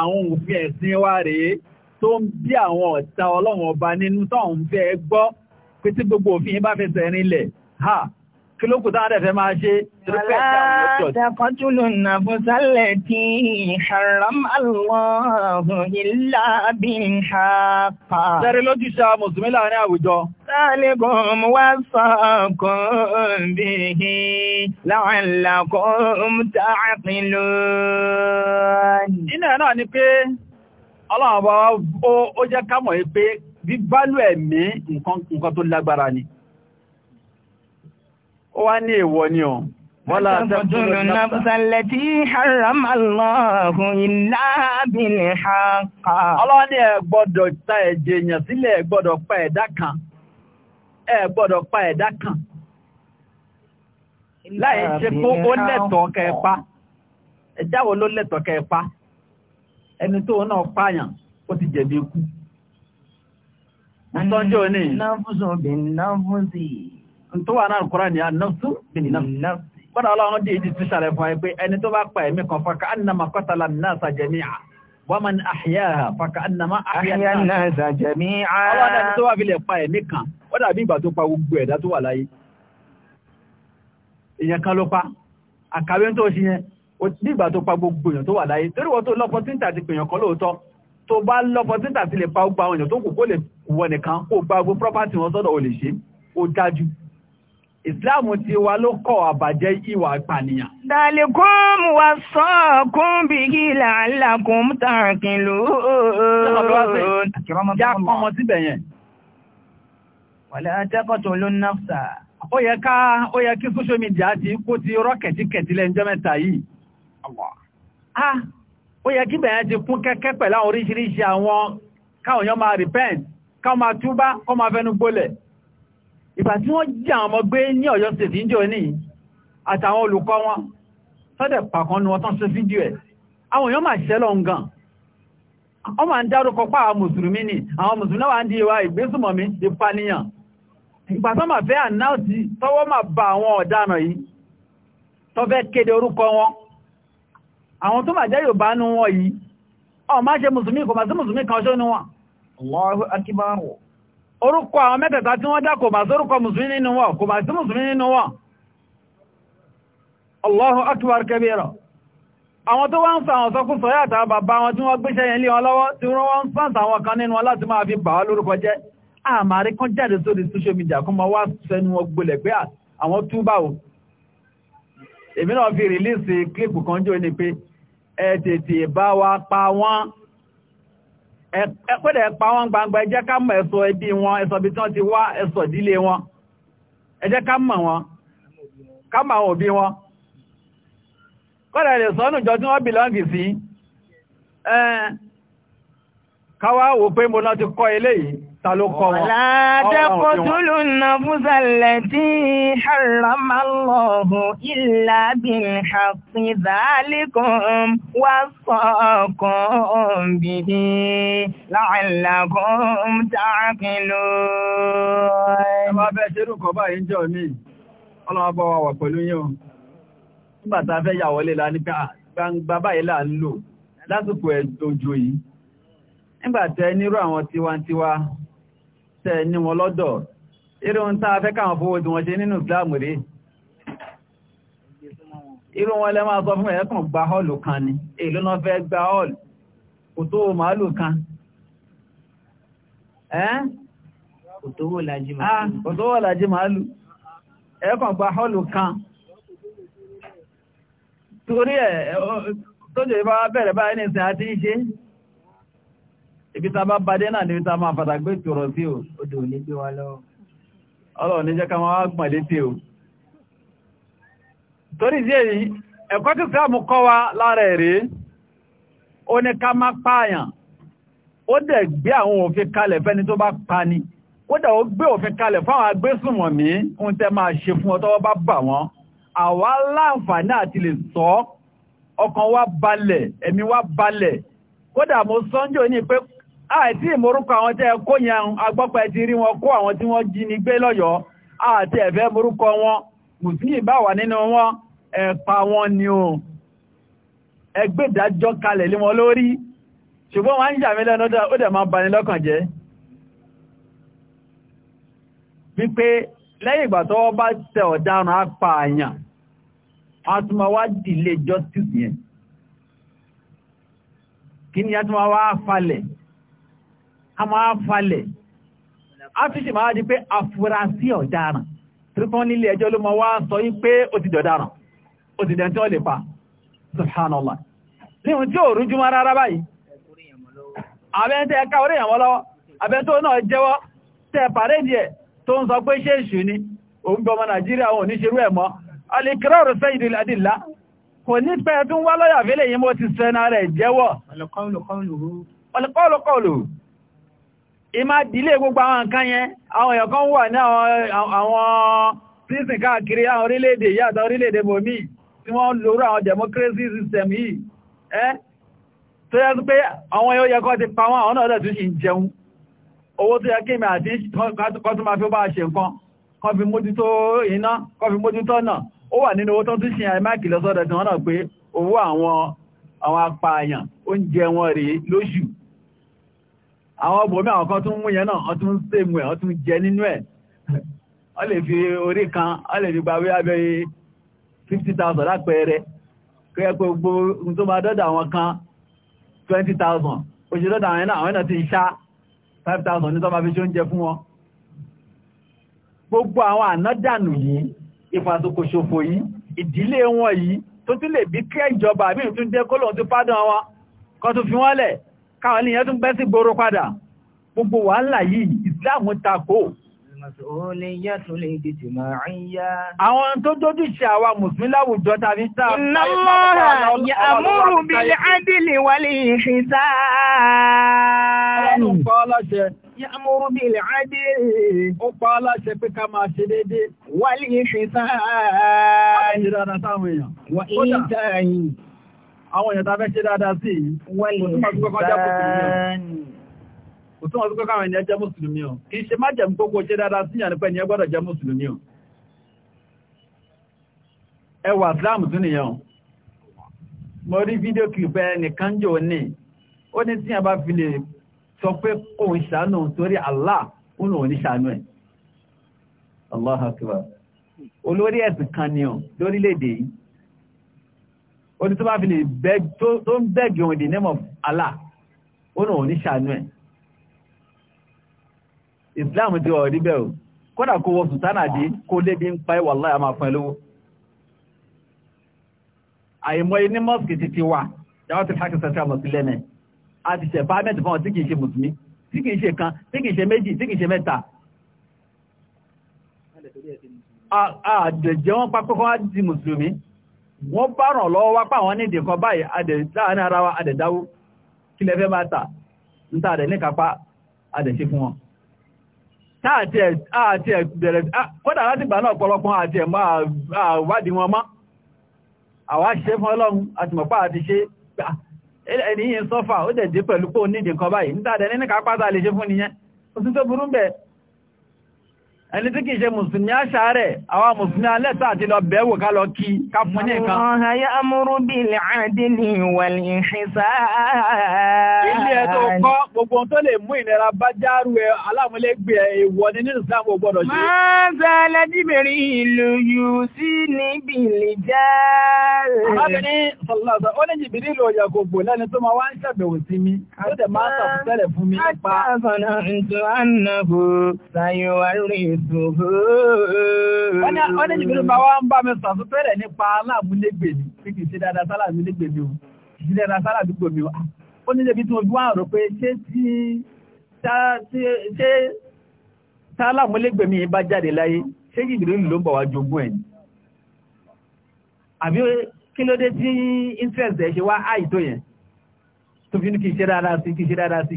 àwọn òfin ẹ̀sìn wa rèé tó ń bí àwọn ọ̀tá ọlọ́run ọba nínú tó ń fẹ́ gbọ́ pé tí gbogbo òfin bá fẹsẹ̀ rinlẹ̀ ha kí ló kù táwọn ẹ̀fẹ́ máa ṣe tìrúpẹ̀ Tàkọ́tùlù nàbùsálẹ̀ tí haram Allahu illa bil haqqa. Tẹ́rí lójú ṣe Mùsùlùmí láàrin àwùjọ. Sálẹ́kùn wá sọ́kùn bihi la'allakum ta'qilun. Iná náà ni pé Ọlọ́run ó jẹ́ kámọ̀ pé bíbálù ẹ̀mí nǹkan tó lágbára ni. ó ni ọ̀ wọ́lá tẹ́kùnlù nàfẹ́sẹ̀lẹ̀ tí illa bil haqq ọlọ́ni ẹ gbọ́dọ̀ ta ẹ̀jẹ̀ èèyàn sílẹ̀ ẹ gbọ́dọ̀ pa ẹ̀dá kan ẹ gbọ́dọ̀ pa ẹ̀dá kan láì ṣe pé ti tó wà náà kọ́rá ní anọ́sù bìnì náà kọ́dà ọlọ́run dì ìdí tíṣàlẹ̀ fún ẹgbẹ́ ẹni tó bá pa ẹ̀mí kan faka annama kọ́tàlá náà sàjẹ̀míà wọ́n mọ̀ ní àhíyáha faka annama àhíyá náà sàjẹ̀míà ọlọ́run tó wà fi lè pa ẹ̀mí kan ó dàbí ìgbà tó pa gbogbo ẹ̀dá tó wà láyé ìyẹn kan ló pa àkàwé tó ṣe yẹn ní ìgbà tó pa gbogbo èèyàn tó wà láyé torí wọ́n tó lọ́pọ̀ tí ń tà ti pèèyàn kan lóòótọ́ tó bá lọ́pọ̀ tí ń tà ti lè pa gbogbo àwọn tó kù kó lè wọ̀ kó gba gbogbo property wọn sọ́dọ̀ ò ṣe ó dájú ìsìláàmù ti wa ló kọ̀ àbàjẹ́ ìwà ìpànìyàn. dàlíkùn wà sọ́ọ̀kún bí kí làálàkùn tààkìn lóòrùn. já pọmọ síbẹ̀ yẹn. wàlẹ́ atẹ́kọ̀tọ̀ ló ná sà. ó yẹ ká ó yẹ kí social media ti kó ti rọ́kẹ̀tíkẹ̀tì lẹ́njọ́ mẹ́ta yìí. ó yẹ kí bẹ̀yẹn ti kún kẹ́kẹ́ pẹ̀lú àwọn oríṣiríṣi àwọn káwọn yọ máa repent káwọn máa túbá kọ́ máa fẹnu ìgbà tí wọ́n jí àwọn ọmọ gbé ní Ọ̀yọ́ state níjọ ní àtàwọn olùkọ́ wọn sọ́dẹ̀ pàkan ní wọ́n tán ṣe fídíò ẹ̀ àwọn èèyàn máa ṣẹ́ lọ ǹgàn wọ́n máa ń dárúkọ pa àwọn mùsùlùmí ni àwọn mùsùlùmí náà wà ń di ìwà ìgbésùmọ̀mí ìpànìyàn ìgbà tó máa fẹ́ ànáàtì tọ́wọ́ máa ba àwọn ọ̀daràn yìí tó fẹ́ kéde orúkọ wọn àwọn tó máa jẹ́ yóò bá nú wọn yìí ọ̀ máa ṣe mùsùlùmí kò máa sí mùsùlùmí kan ṣó nú wọn Allahu akbar orúkọ àwọn mẹ́tẹ̀ta tí wọ́n já kò bá sórúkọ musulmi nínú wọn kò bá sí musulmi nínú wọn Allahu akbar kabira àwọn tó wọ́n sọ àwọn sọkún sọ yàtà bàbá wọn tí wọ́n gbéṣẹ́ yẹn lé wọn lọ́wọ́ tí wọ́n àwọn kan nínú ẹ̀pẹ́dẹ̀ pa wọn gbangba ẹjẹ́ ká mọ̀ ẹsọ ẹbí wọn ẹsọ ibi tí wọ́n ti wá ẹsọ ìdílé wọn ẹjẹ́ ká mọ̀ wọn ká mọ̀ àwọn òbí wọn kọ́dà lè sọ́nù jọ tí wọ́n bìlọ́ǹgì sí káwá wò pé mo náà ti kọ́ eléyìí ta ló kọ́ wọn. Àdàkọ̀ tó ló na fúzàlẹ̀ tí haramallahu illa bil haqqi dhalikum wasaqakum bihi la'allakum ta'qilun. Ẹ máa bẹ́ ṣerú kọ báyìí jọ mí, ọlọ́wọ́ bá wà pẹ̀lú yín o. Nígbà tá a fẹ́ yà wọlé la ah, gbangba báyìí là ń lò lásìkò òjò yìí nígbàtẹ́ nírú àwọn tiwantiwa tẹ́ ní wọn lọ́dọ̀ irú ń tàà fẹ́ káwọn fowó tí wọ́n ṣe nínú Islam rí irú wọn lẹ́ máa sọ fún ẹ̀ẹ́kùn gba hall kan ni èlò náà fẹ́ gba hall kò tó màálù kan ẹ́n kò tó wò lájí màálù ah, ẹ̀ẹ́kùn gba hall kan torí ẹ̀ tó jẹ́ bá bẹ̀rẹ̀ báyìí nìsìn àti ìṣe ibi tá a bá badé náà níbi tá a máa padà gbé tòrọ sí o odò ní gbé wa lọ ọlọ́run ní jẹ́ ká máa gbọ̀n létí o torí sí èyí ẹ̀kọ́ tí sáàmù kọ́ wa lára ẹ̀rẹ́ ó ní ká má pààyàn ó dẹ̀ gbé àwọn òfin kalẹ̀ fẹ́ni tó bá pani ó dẹ̀ ó gbé òfin kalẹ̀ fáwọn agbésùnmọ̀mí ń tẹ́ máa ṣe fún ọ tọ́wọ́ bá bà wọ́n àwa láǹfààní àti lè sọ ọkàn wa balẹ̀ ẹ̀mí wa balẹ̀ kódà mo sọ́njò ní pé àti ìmúrúkọ àwọn tẹ́ kó yẹn agbọ́pẹ́ ti rí wọn kó àwọn tí wọ́n jí ní gbé lọ́yọ̀ọ́ àti ẹ̀fẹ́ múrúkọ wọn mùsùlùmí bá wà nínú wọn ẹ̀pa wọn ni o ẹgbẹ́dájọ́ kalẹ̀ lé wọn lórí ṣùgbọ́n wọ́n ń yà mí lẹ́nu ó dẹ̀ máa bani lọ́kàn jẹ́ wípé lẹ́yìn ìgbà tó wọ́n bá tẹ ọ̀daràn apá àyàn wọ́n tún máa wá dìlé justice yẹn kí ni a tún máa wá falẹ̀ a máa falẹ̀ a tún ṣe máa di pé afurasí ọ̀daràn trípọ́n nílé ẹjọ́ ló máa wá sọ yí pé ó ti dọ̀daràn ó ti dẹ̀ntí ọ̀lẹ̀ pa subhanallah níhun tí ò rújú máa rárá báyìí abẹ́ntẹ́ ẹka orí ìyàmọ́ lọ́wọ́ abẹ́ntẹ́ náà jẹ́wọ́ tẹ́ pàrédì ni òun bọ́mọ nàìjíríà òun ní ṣerú ẹ̀ mọ́ alìkírọ̀rù sayyidul adilla kò ní pẹ́ tún wá lọ́yà fílẹ̀ yìí mo ti sẹ́nà rẹ̀ jẹ́wọ́ ọlọ́kọ́lùkọ́lù ìmá dìlé gbogbo àwọn nǹkan yẹn àwọn èèyàn kan wà ní àwọn prison káàkiri àwọn orílẹ̀-èdè yàtọ̀ orílẹ̀-èdè bòmí tí wọ́n lórú àwọn democracy system yìí ẹ́ tó yẹ pé àwọn yóò yẹ kó ti pa wọn àwọn náà dẹ̀ tún ṣì ń jẹun owó tó yẹ kéèmì àti kọ́tún máa fi bá ṣe nǹkan kan fi mójútó iná kan fi mójútó àwọn ọbọ̀mí àwọn kan tún mú yẹn náà ọtún sèmù ẹ̀ ọtún jẹ nínú ẹ̀ ọ lè fi orí kan ọ lè fi gba wí abẹ́ fifty thousand lápẹẹrẹ kí ẹ pé gbogbo ohun tó máa dọ́dọ̀ àwọn kan twenty thousand oṣù dọ́dọ̀ àwọn náà àwọn náà ti ń ṣá five thousand ní tọ́ba fi ṣe oúnjẹ fún wọn gbogbo àwọn ànádànù yìí ìfàsókò ṣòfò yìí ìdílé wọn yìí tó tún lè bí kẹ́ ìjọba àbí ìtúndẹ́kọ́lọ́ tó pádàn wọn kan tó fi wọ́n lẹ̀ káwọn ènìyàn tún bẹ́ sí gboro padà gbogbo wàhálà yìí ìsìláàmù takò àwọn tó dójú ṣe àwa mùsùlùmí láwùjọ tàbí sáà ya'muru bil adli wal ihsan Ya'muru bil adli. Ó pa aláṣẹ pé ká máa ṣe déédéé. Wal ihsan. Wà ìdára sáwọn èèyàn. Wà ìdára àwọn èèyàn tàbẹ́ ṣe dáadáa sí òtún ọdún kọ́kọ́ àwọn ènìyàn jẹ́ mùsùlùmí ọ̀ kìí ṣe má jẹ̀mú kókó ṣe dáadáa sí ìyàn nípẹ́ ni ẹ gbọ́dọ̀ jẹ́ mùsùlùmí ọ̀ ẹwà islam tún nìyàn mo rí fídíò kìlùpẹ́ nìkan jò ní ó ní tí àbá fi lè sọ pé òun ṣàánú torí Allah òun òun ní ẹ̀ Allah akbar olórí ẹ̀sìn kan ni ọ̀ lórílẹ̀-èdè yìí oní tó bá fi lè bẹ́ tó ń bẹ́gì in the name of Allah ó nà òní ṣàánú ẹ̀ Islam ti ọ̀ rí bẹ́ẹ̀ o kódà kó wọ sùtánà dé kó lébi ń pa ìwà Allah máa fún ẹ lówó àìmọ́ ní mọ́sùkì ti ti wà yàwó ti fàkì sẹ́sẹ́ àmọ̀ sí lẹ́nẹ̀ a ti ṣẹ̀ fámẹ́tì fún ọ tí kìí ṣe mùsùlùmí tí kìí ṣe kan tí kìí ṣe méjì tí kìí ṣe mẹ́ta àjẹjẹ wọn pápákọ́ wá di mùsùlùmí wọ́n bá ràn lọ́wọ́ wá pàwọn ní ìdìkan báyìí láàrin ara wa dáwó kí lẹ́fẹ́ bá tà níta àdẹ̀ níkapá adẹ̀ṣe fún wọn táàtì kódà láti gbà náà pọ̀lọpọ̀ àti ẹ̀mọ́ àwádìí wọn mọ́ ṣe fún ọlọ́run àti mọ̀pá àti ṣe ah, ẹni yìí sọ́fà ó dẹ̀ dé pẹ̀lú pò báyìí níkapá lè ṣe ẹni tí kìí ṣe mùsùlùmí àṣàárẹ̀ àwọn mùsùlùmí alẹ́ta àti lọ bẹ̀ẹ́wò ká lọ kí ká fún ní nǹkan. ọ̀hán ya múrú bí ilẹ̀ àdínì ìwẹ̀lì ilé ẹ kọ́ gbogbo tó lè mú ìnira bá járù ẹ alámúlégbé ìwọ ní nínú islam ò gbọdọ̀ ṣe. máa ń sọ aládìbẹ̀rẹ̀ ìlú yìí sí níbi ilé jẹ́. arábìnrin ó ní ìsòhó. Wọ́n ní ìbínú bá wá ń bá mi sọ̀tún fẹ́rẹ̀ nípa aláàmúlégbè mi, kí kìí ṣe dáadáa sálàmúlégbè mi o, kìí ṣe dáadáa sálàdúgbò mi o. Ah, ó ní débi tí mo fi wá rò pé ṣé tí ṣé sálàmúlégbè mi bá jáde láyé, ṣé kìí ìbínú ló ń bọ̀ wá jogún ẹ̀? Àbí kí ló dé tí interest ẹ̀ ṣe wá àìtó yẹn? Tó fi ní kìí ṣe dáadáa sí, kìí ṣe dáadáa sí.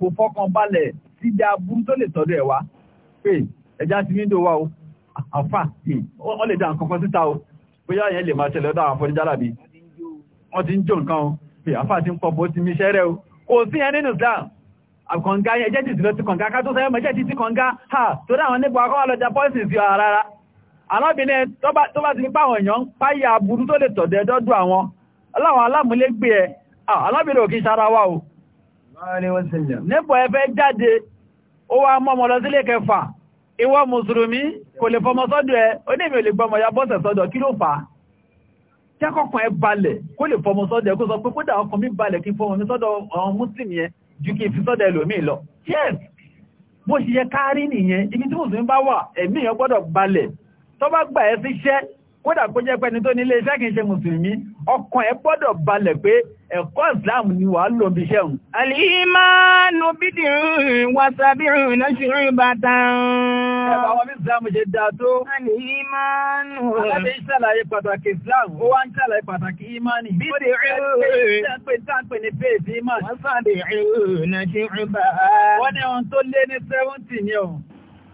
kò fọkàn balẹ̀ síbi aburú tó lè tọ́dọ̀ ẹ̀ wá pé ẹja ti ní ìdòwà o àfà wọ́n lè dá nǹkan kan síta o bóyá yẹn lè máa ṣẹlẹ̀ ọ̀dọ̀ àwọn afọ́nijálábí wọ́n ti ń jó nǹkan o pé àfà ti ń pọ̀ bó ti mi ṣẹ́rẹ́ o kò sí ẹ nínú Islam àkànga yẹn jẹ́ títí lọ ti kànga ká sẹ́yọ́ mẹ́jẹ́ títí kànga ha tó dá àwọn nípa akọ́wà lọ́jà pọ́ìsì sí ara rárá alábìnrin tó bá ti nípa àwọn èèyàn ń páyà burú tó lè tọ̀dẹ̀ dọ́dọ̀ àwọn aláwọn alámúlégbé ẹ ah, alábìnrin òkè sára wà o nípò ẹfẹ́ jáde ó wá mọ́mọ lọ sílé kẹfà ìwọ mùsùlùmí kò lè fọmọ sọ́dọ̀ ẹ ó ní ìmìlì gbọmọ ya bọ́sẹ̀ sọ́dọ̀ kí ló fà á jẹ́kọ̀kan ẹ balẹ̀ kó lè fọmọ sọ́dọ̀ ẹ kó sọ pé kódà ọkàn mi balẹ̀ kí fọmọ mi sọ́dọ̀ ọ̀hún mùsùlùmí yẹn ju kí fi sọ́dọ̀ ẹlòmíì lọ yes bó ṣe yẹ kárí nìyẹn ibi tí mùsùlùmí bá wà ẹ̀mí yẹn gbọ́dọ̀ balẹ̀ tó bá gbà ẹ síṣẹ́ kódà kó jẹ́ pẹ́ni tó nílé iṣẹ́ kìí ṣe mùsùlùmí ọkàn ẹ gbọ́dọ̀ balẹ̀ pé ẹ̀kọ́ islam ni wàá lò bí ṣẹ́hùn. alìmánú bídìrín wasabirun náà ṣe rí bàtàn. ẹ̀bà wọn bí islam ṣe dá tó. alìmánú. alábẹ́ ìṣàlàyé pàtàkì islam ó wá ń ṣàlàyé pàtàkì imani. bídìrín ṣe rí bàtàn. ní ohun tó lé ní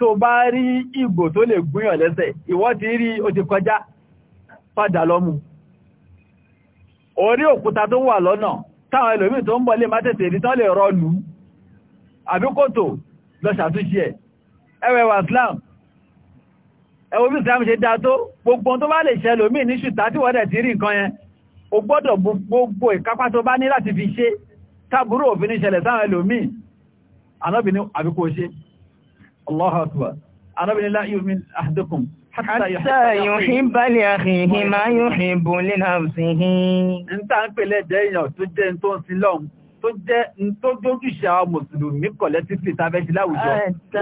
tó bá rí ìgò tó lè gúnyàn lẹ́sẹ̀ ìwọ ti rí o ti kọjá padà lọ́mù orí òkúta tó wà lọ́nà táwọn ẹlòmí tó ń bọ̀ lè má tètè rí tán lè rọlù àbí kòtò lọ ṣàtúnṣe ẹ̀ ẹwẹ̀ wà Islam ẹwọ bí Islam ṣe dá tó gbogbo tó bá الله أكبر. arábìnrin láyé omi àdókùn Hatta yuhibba li akhihi يحب yuhibbu li nafsihi. Ń tàà ń pèlẹ̀ jẹ́ èèyàn tó jẹ́ tó ń sin lọ́hun tó jẹ́ tó dójú ṣe àwọn mùsùlùmí kọ̀lẹ́tìfì tàbẹ́sì láwùjọ.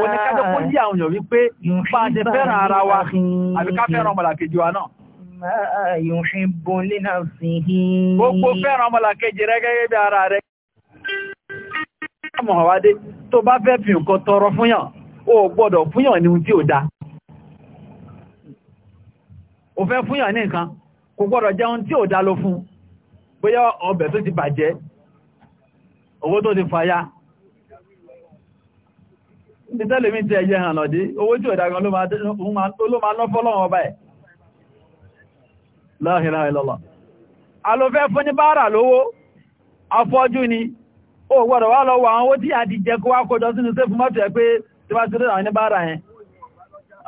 Wọ́n ní kájọ́ kó yí àwọn èèyàn wípé bá a ṣe fẹ́ràn ara wa àbí ká fẹ́ràn ọmọlàkejì wa náà. Gbogbo fẹ́ràn ọmọlàkejì rẹ gẹ́gẹ́ bí ara rẹ. tó bá fẹ́ fi nǹkan tọrọ fún yàn. o gbọ́dọ̀ fúnyàn ní tí ó o fẹ́ fúnyàn ní nǹkan kò gbọ́dọ̀ jẹun tí ó dá ló fún bóyá ọbẹ̀ ti bàjẹ́ owó tó ti faya ní tẹ́lẹ̀mí ti ẹ̀yẹ hàn lọ́dí owó tí ó dá gan ló máa ọba ẹ̀ la afọ́jú ni o gbọ́dọ̀ wá lọ àwọn owó tí a ti jẹ kó wá kójọ sínú fún pé tí wá ti rí àwọn oníbára ẹn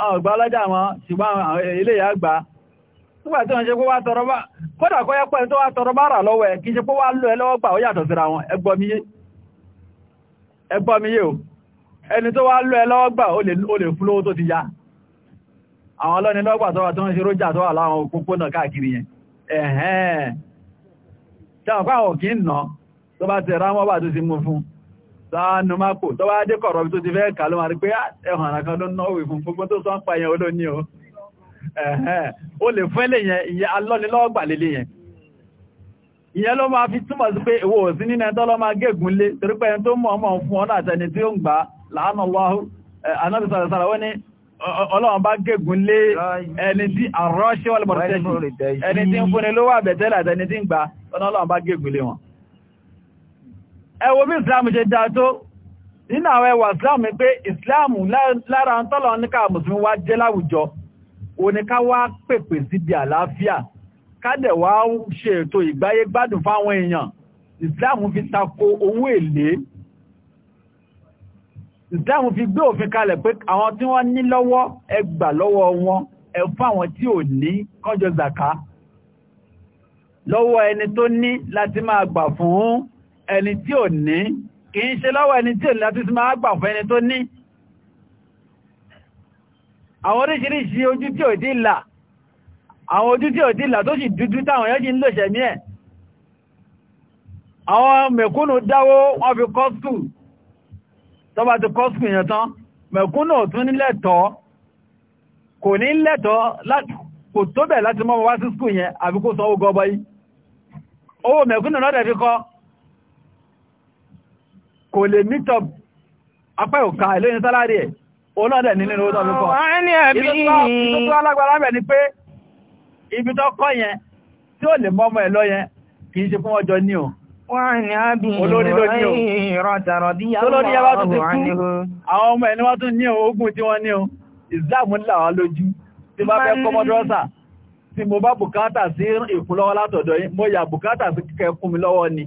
ọgbà ògbà ọlọ́jà wọn ṣùgbọ́n àwọn ilé ìyá gbà nígbà tí wọ́n ṣe pé wá tọrọ bá kódà kọ́ yẹ́ tó wá tọrọ bá rà lọ́wọ́ ẹ̀ lọ ẹ ó yàtọ̀ síra wọn o ẹni tó wá lọ ẹ lọ́wọ́ gbà tó ti ya àwọn sáánú máa pò tó bá dé kọ̀rọ̀ tó ti fẹ́ kà ló máa rí pé ah, tó sọ ń pa o lè fún ẹlẹ́ yẹn ìyẹn alọ́nilọ́gbà lélẹ́ yẹn ìyẹn ló máa fi túmọ̀ sí pé ìwọ nínú lọ máa gégùn lé torí pé ẹni tó ọ náà tẹni tí ó ń gbà láàánú anábì ọlọ́run bá gégùn lé ẹni tí àrọ́ṣẹ́ ẹni tí ń fúnni ló wà bẹ̀tẹ́lẹ̀ àtẹni tí ń gbà ọlọ́run bá gégùn lé wọn ẹwọ bí islam ṣe dá tó nínú àwọn ẹwà islam pé islam lára ń tọ́lọ níka mùsùlùmí wá jẹ́ láwùjọ oníká wá pèpè síbi àlàáfíà kádẹ̀ wá ṣe ètò ìgbáyé gbádùn fáwọn èèyàn islam fi tako owó èlé islam fi gbé òfin kalẹ̀ pé àwọn tí wọ́n ní lọ́wọ́ ẹ lọ́wọ́ wọn ẹ àwọn tí ò ní kọ́jọ zàká lọ́wọ́ ẹni tó ní láti máa gbà fún ẹni tí ò ní kì í ṣe lọ́wọ́ ẹni tí ò ní láti máa gbà fún ẹni tó ní àwọn oríṣiríṣi ojú tí ò dí là àwọn ojú tí ò dí là tó sì dúdú táwọn èèyàn jí ń lòṣẹ̀ mí ẹ̀ àwọn mẹ̀kúnnù dáwó wọ́n fi kọ́skù tó ti kọ́skù yẹn tán mẹ̀kúnnù tún nílẹ̀ kò ní lẹ́tọ́ kò tó bẹ̀ láti mọ́ wá sí skù yẹn àbí kó sanwó gọbọ yìí owó mẹ̀kúnnù lọ́dẹ̀ fi kọ́ kò lè mítọ̀ apẹ́ òka ìlóyìn sálárì ẹ̀ olóòdẹ̀ ní nínú ọdọ́ lókọ̀. ibi tó alágbára bẹ̀ ni pé ibi tó kọ́ yẹn tí ó lè mọ́mọ́ ẹ̀ lọ yẹn kìí ṣe fún ọjọ́ ní o olórí ló ní o olórí yẹn bá tún ti kú àwọn ọmọ ẹni wọ́n o ogun tí wọ́n ní o ìsìláàmù ńlá wa lójú tí bá fẹ́ kọ́mọ́ dọ́sà tí mo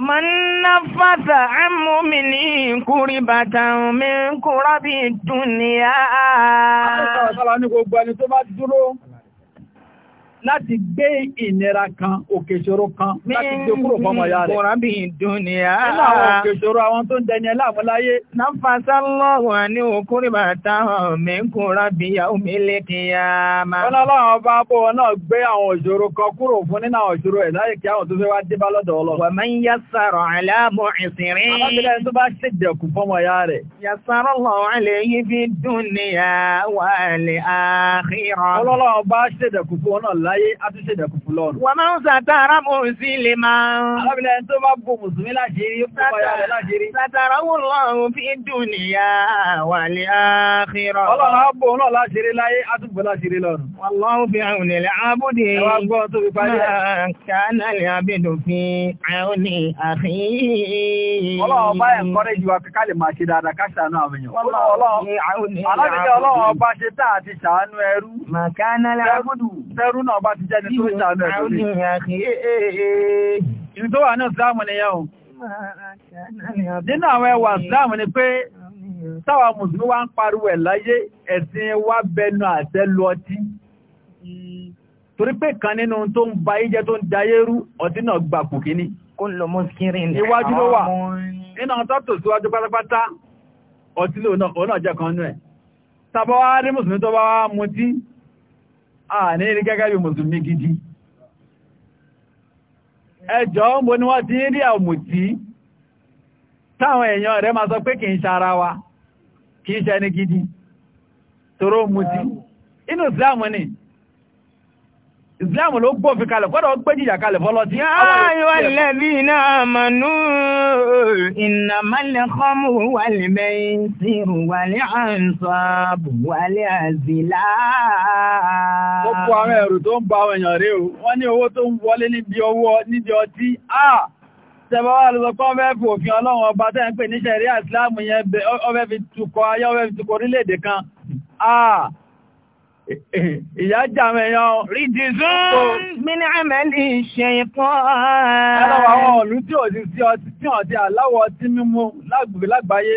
من نفث عن مؤمن كربة من كرب الدنيا láti gbé ìnira kan òkèṣòro kan láti gbé kúrò fọmọ ya rẹ̀. Mọ̀rán bí dúnìá. Nínú àwọn òkèṣòro àwọn tó ń dẹni ẹláàmúláyé. Náfàṣà lọ́wọ́ ní òkúrì bàtà mi kúra bí ya omi lékìyà máa. Wọ́n lọ́wọ́ àwọn bá bọ̀ wọn náà gbé àwọn òṣòro kan kúrò fún nínú àwọn òṣòro ẹ̀ láyé kí àwọn tó fẹ́ wá dé bá lọ́dọ̀ ọlọ́. Wọ́n máa ń yá sàrọ̀ àlámọ̀ láyé á tún ṣe dẹ̀kùn fún lọ́run. wọ́n máa ń sàtàrà mọ̀ sí lè máa arábìnrin ẹni tó bá bo mùsùlùmí láṣìírí ó kó báyà rẹ̀ láṣìírí. sàtàrà wò lọ́run fi dùnìyà wà ní àkírọ̀. ọlọ́run á bò náà láṣìírí láyé á tún bò láṣìírí lọ́run. wàlọ́run fi àwọn ènìyàn abúdé. ẹ wá gbọ́ tó fi parí ẹ̀. kánà lè abẹ́dùn fi àwọn ní àkí. ọlọ́run bá ẹ̀ kọ́rẹ́ ju ọba ṣe ọba ti jẹ́ni tó ṣàánú ẹ̀lórí. Ìní tó wà ní ìsìláàmù ni yẹn Nínú àwọn ẹwà ìsìláàmù ni pé táwa Mùsùlùmí wá ń pariwo ẹ̀ láyé ẹ̀sìn wa bẹnu àtẹ́ lu ọtí. Torí pé kan nínú tó ń ba ayéjẹ́ tó ń dayé ọtí náà gbà kù kíní. Iwájú ló wà. Nínú àwọn tọ́tò síwájú pátápátá ọtí lòun náà jẹ́ kan nú ẹ̀. Tàbá wá rí Mùsùlùmí tó bá wá mutí. àní ní gẹ́gẹ́ bí mùsùlùmí gidi ẹjọ́ mo ni wọ́n ti ń rí àmùtí táwọn èèyàn rẹ̀ máa sọ pé kìí ṣara wa kìí ṣẹni gidi tóró mùtí inú ìsìlámù ni Islam ló gbófin kalẹ̀ kọ́dọ̀ gbéjìyà kalẹ̀ fọ́lọ́ tí ààyíwá lẹ́bí náà mọ̀nú ìnàmọ́lẹ̀ kọ́mù wà lè bẹ́yìn sí wà lè àǹsọ́bù wà lè àzìlá. Gbogbo àwọn ẹ̀rù tó ń ba àwọn èèyàn rí o, wọ́n ní owó tó ń wọlé òfin ọlọ́run ọba tẹ́ ń pè ní ṣẹ̀rí àìsílámù yẹn ọfẹ́ fi tukọ̀ ayé ọfẹ́ fi tukọ̀ orílẹ̀-èdè kan ìyá jàmẹ̀ yan rídìzún mínú àmẹ́lì ṣe pọ́ ẹlọ́wọ́ àwọn ọ̀lú tí ò ti sí ọtí tí ọ̀tí aláwọ̀ ọtí mímú lágbègbè lágbàáyé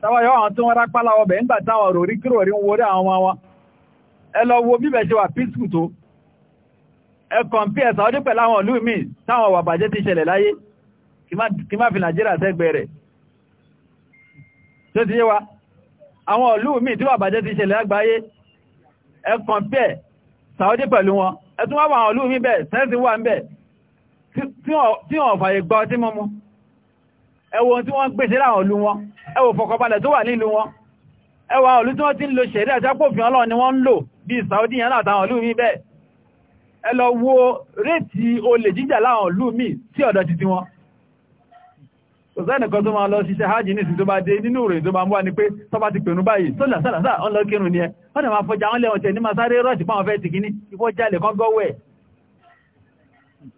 sáwáyọ́ àwọn tó wọ́n rápá láwọ̀ bẹ̀ ńgbà táwọn rò rí kírò rí wọrí àwọn ọmọ wọn ẹlọ́wọ́ bíbẹ̀ ṣe wà písù tó ẹ kọ̀m̀pí ẹ̀sà ọdún ẹ compare Saudi pẹ̀lú wọn ẹ tún wá wà àwọn olúmi bẹ̀ sẹ́ẹ̀sì wà ń bẹ̀ tí wọ́n fàyè gba ọtí mọ́mú ẹ wo tí wọ́n gbèsè láwọn olú wọn ẹ wo fọkànbalẹ̀ tó wà nílùú wọn ẹ wo àwọn olú tí wọ́n ti ń lo ṣẹ̀rí àjápòfin Ọlọ́run ni wọ́n ń lò bí Saudi yẹn látàwọn olúmi bẹ́ẹ̀ ẹ lọ wo réètì olè jíjà láwọn olúmi sí kò sẹ́ni kan tó máa lọ ṣiṣẹ́ hajj ní ìsìn bá dé nínú ìròyìn tó máa ń wà ní pé tó ti pẹ̀rún báyìí tó là sálàsà ọ̀n kírun ni ẹ wọ́n dẹ̀ máa fọjá wọn lẹ́wọ̀n tẹ̀ ní máa sáré rọ́ọ̀ṣì pàwọn fẹ́ ti kíní ìfọ́ jalè kan gọ́wẹ́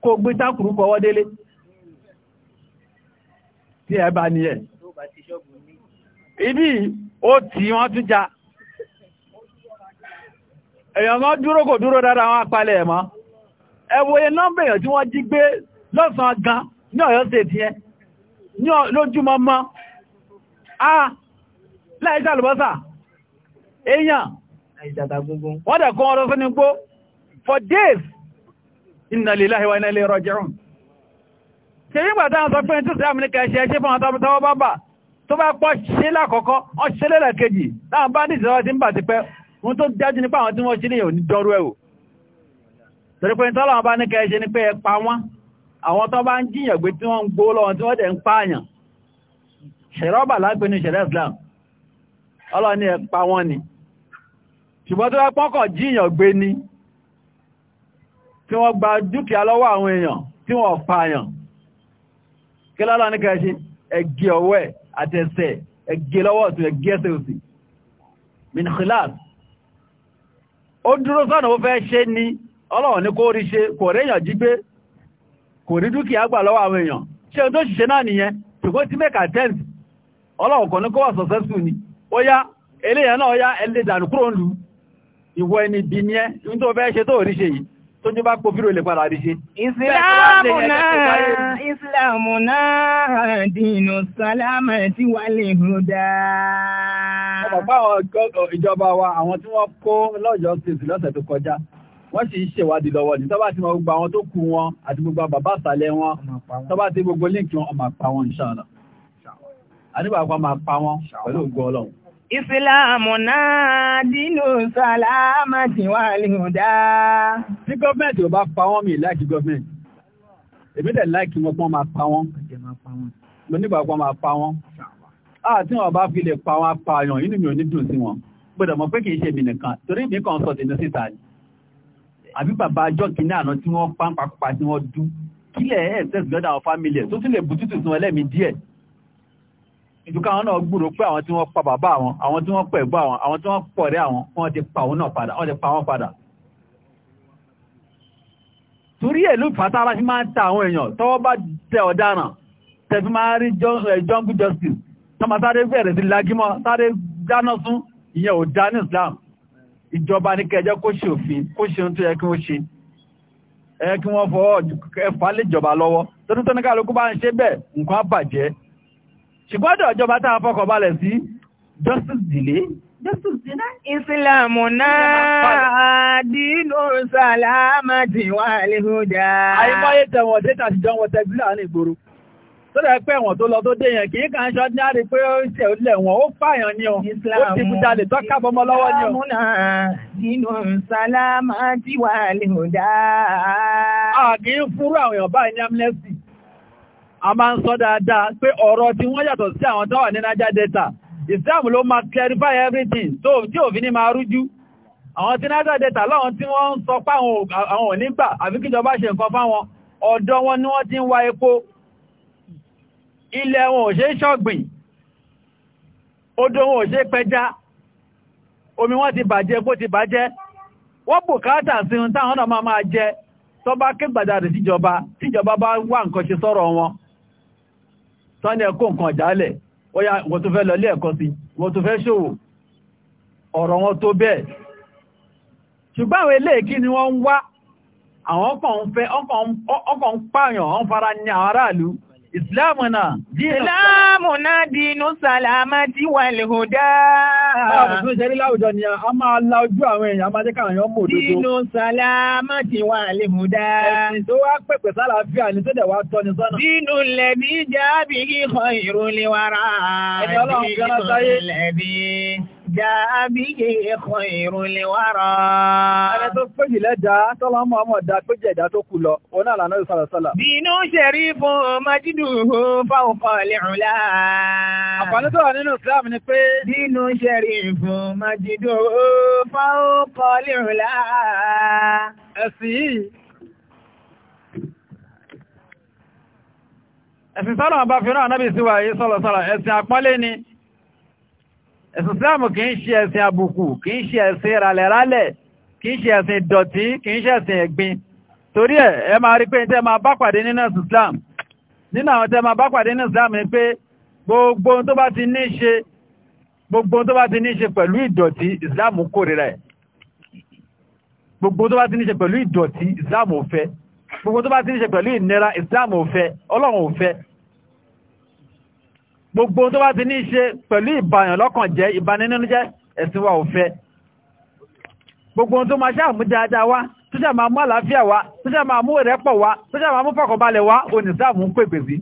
kó gbé tákùrú kọ́wọ́ délé tí ẹ bá ní ẹ ibi ó tì wọ́n tún já èèyàn mọ́ dúró kò dúró dára wọn apalẹ̀ ẹ̀ mọ́ ẹ wo iye nọ́mbà èèyàn tí wọ́n jí gbé lọ́sàn gan ní Ọ̀yọ́ lójúmọmọ a láìsà àlùbọ́sà èèyàn wọ́n dẹ̀ kọ́ ọ̀rọ̀ sínú gbó for days inna lillahi wa inna ilayhi raji'un ṣe yígbà táwọn sọ pé tí sí àmìlíkà ẹ̀ṣẹ́ ṣe fún àwọn tọ́wọ́ bábà tó bá pọ̀ ṣe lákọ̀ọ́kọ́ ọ ṣe lẹ́lẹ̀ kejì láwọn bá nìṣẹ́ ti ń bà ti pẹ́ wọn tó dájú nípa àwọn tí wọ́n ṣe ní òní dọ́rú ẹ̀wò torípé tọ́lọ́wọ́n bá ní kẹ́ ṣe ní pé ẹ pa wọ́n àwọn tó bá ń jíyàn gbé tí wọ́n ń gbó lọ́wọ́ tí wọ́n dẹ̀ ń pààyàn ṣẹ̀rọ́bà lágbé ní ṣẹ̀rẹ́ Islam ọlọ́ni ẹ̀pa wọn ni ṣùgbọ́n tó pọ́kọ̀ jíyàn gbé ní tí wọ́n gba dúkìá lọ́wọ́ àwọn èèyàn tí wọ́n pààyàn kí lọ́lọ́ ní kẹ́ṣí ẹgẹ ọwọ́ ẹ̀ àtẹsẹ̀ kò rí dúkìá gbà lọ́wọ́ àwọn èèyàn ṣe tó ṣiṣẹ́ náà nìyẹn ṣùgbọ́n tí mẹ́kà tent ọlọ́run kan ní kó wà successful ni ó yá eléyàn náà yá ẹlẹ́ dànù kúrò ìwọ ẹni bí tó yìí tó ní bá lè padà rí ṣe náà sálámà tí wà wọ́n sì ń ṣèwádìí lọ́wọ́ ní tọ́bá ti mọ gbogbo àwọn tó kú wọn àti gbogbo bàbá àsàlẹ̀ wọn tọ́bá ti gbogbo líǹkì wọn máa pa wọn inshallah àdíbàpá máa pa wọn pẹ̀lú ògbọ́ ọlọ́run ìsìláàmù náà dínú sàlámà tí wà lìhùdá tí gọ́ọ̀mẹ̀ntì ò bá pa wọ́n mi láìkí gọ́ọ̀mẹ̀ntì èmi dẹ̀ láìkí wọn pọ́n máa pa wọ́n mo nígbàgbọ́ máa pa wọ́n àti wọn bá fi lè pa wọn apààyàn inú mi ò ní dùn sí wọn gbọ́dọ̀ mọ̀ pé kì í ṣe mi nìkan torí mi kàn sọ tìǹbù síta ni àbí bàbá ajọ́ kìíní àná tí wọ́n pápákọ̀pá tí wọ́n dú kílẹ̀ ẹ̀sẹ̀s lọ́dọ̀ àwọn fámìlì ẹ̀ tó tún lè bùtútù sun ẹlẹ́mìí díẹ̀ ìdúkà àwọn náà gbúrò pé àwọn tí wọ́n pa bàbá àwọn àwọn tí wọ́n pọ̀ ẹ̀gbọ́n àwọn àwọn tí wọ́n pọ̀ rẹ́ àwọn wọ́n ti pa àwọn náà padà wọ́n ti pa wọ́n padà torí ẹ̀ ló fàtàrà fi máa ń ta àwọn èèyàn tọ́wọ́ bá tẹ ọ̀daràn tẹ̀fí máa rí jungle justice tọ́mọ sáré bẹ̀rẹ̀ sí lágímọ́ sáré dáná sún ìyẹn ò dá ní Islam ìjọba ní kẹjọ kó ṣe òfin kó ṣe ohun tó yẹ kí ṣe ẹ kí wọ́n fọwọ́ ẹ̀fà lè jọba lọ́wọ́ ní kálukú bá ń ṣe bẹ́ẹ̀ nǹkan á bàjẹ́ ìjọba tá a fọkàn balẹ̀ sí justice delay Ìsìlámù náà dínú sàlámà tí lè hùjà. Àyíkọ́ tó rẹ̀ pé ẹ̀wọ̀n tó lọ tó dé yẹn kìí kàn ṣọ́ ní àrí pé ó ṣe olè wọn ó pààyàn ní o ó ti kú jalè tó kábọmọ lọ́wọ́ ní o. ìsìlámùnà nínú sálámà tí wà lè dá. a kì í fúrú àwọn èèyàn báyìí ní amnesty a máa ń sọ dáadáa pé ọ̀rọ̀ tí wọ́n yàtọ̀ sí àwọn tó wà ní Niger Delta Islam ló máa clarify everything tó tí òfin ní máa rújú àwọn tí Niger Delta láwọn tí wọ́n ń sọ páwọn àwọn ò ilẹ̀ wọn ò ṣe ṣọ́gbìn odò wọn ò ṣe pẹja omi wọn ti bàjẹ́ bó ti bàjẹ́ wọ́n káàtà sí ohun táwọn náà máa máa jẹ sọ bá ké gbàdàrì síjọba tíjọba bá wá nǹkan ṣe sọ́rọ̀ wọn sọ́ni ẹ̀kọ́ nǹkan wọ́n fẹ́ lọ ilé ẹ̀kọ́ wọn tó bẹ́ẹ̀ ṣùgbọ́n àwọn ni wọ́n wá àwọn ọkàn pààyàn ọ̀n ní àwọn aráàlú Ìsìláàmùnà dínú Ìsìláàmùnà dínú sàlámà tí wà lè hù dáa. Báàbù tó ṣe rí láwùjọ ni a máa la ojú àwọn èèyàn, a máa jẹ́ káwọn èèyàn mọ̀ òdodo. Dínú sàlámà tí wà lè hù dáa. Ẹ̀sìn tó wá pẹ̀pẹ̀ sálàáfíà ni tó dẹ̀ wá tọ́ ni sọ́nà. Dínú lẹ̀bí jáàbì kíkọ ìrúlé wàrà. Ẹni ọlọ́run kí ọlọ́sáyé. Dínú lẹ̀bí. جاء به خير الورى ẹni tó pé jìlẹ̀ dá tọ́lá mọ́ ọmọ ìdá tó jẹ́ ìdá tó kù lọ òun náà lànà ìsọ̀rọ̀ sọ́là. bínú ṣẹ̀rí fún májídù fáwọn kọ̀ọ̀lẹ̀ ọ̀la. àǹfààní tó wà nínú Islam ni pé. bínú ṣẹ̀rí fún májídù fáwọn kọ̀ọ̀lẹ̀ ẹ̀sìn yìí ẹ̀sìn sọ́lọ̀ ẹ̀sùn islam kì í ṣe ẹ̀sìn àbùkù kì í ṣe ẹ̀sìn ralẹ̀ralẹ̀ kì í ṣe ẹ̀sìn dọ̀tí kì í ṣe ẹ̀sìn ẹ̀gbin torí ẹ̀ ẹ máa rí pé tẹ́ máa bá pàdé nínú ẹ̀sùn islam nínú àwọn tẹ́ máa bá pàdé nínú islam ni pé gbogbo tó bá ti ní ṣe gbogbo tó bá ti ní ṣe pẹ̀lú ìdọ̀tí islam kórìíra ẹ̀ gbogbo tó bá ti ní ṣe pẹ̀lú ìdọ̀tí islam ò fẹ́ gbogbo tó bá ti ní ṣe pẹ̀lú ìnira islam ò fẹ́ ọlọ́run ò fẹ́ gbogbo tó bá ti ní ṣe pẹ̀lú ìbàyàn lọ́kàn jẹ́ ìbaninújẹ́ ẹ̀sìn wa ò fẹ́ gbogbo tó máa ṣàmú dáadáa wá tó ṣe máa mú àlàáfíà wá tó ṣe máa mú ìrẹ́pọ̀ wá tó ṣe máa mú fọkànbalẹ̀ wá onísàmù ń pèpè sí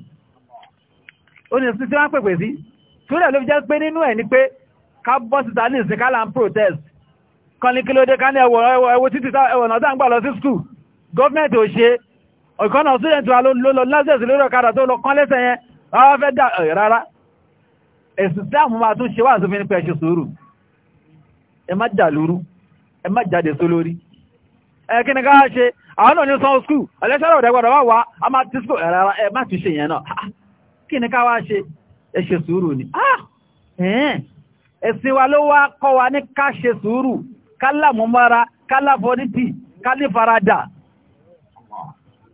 onísí tí wọ́n pèpè sí túrẹ̀ ló fi jẹ́ protest kan ní kílódé ká ní ẹwọ̀ ẹwọ̀ títí ẹwọ̀n náà dáńgbà lọ sí skul gọ́ọ̀mẹ̀ntì ò ṣe ọ̀kan náà student wa ló lọ lásẹ̀sì lórí ọ̀kadà rárá ẹ̀sùn sáàmù máa tún ṣe wà tó fi ní pẹ̀ṣù sùúrù ẹ má dàlúrú ẹ má jáde só lórí ẹ̀kí ni káà ṣe àwọn náà ní sọ skúù ọ̀lẹ́ṣẹ́rọ̀ ọ̀dẹ́gbọ̀dọ̀ wà wá a máa ti skúù ẹ̀rọ ẹ má tún ṣe ah, ni káà wá ṣe ẹ ṣe sùúrù ni ah, ẹ̀sìn wa ló wá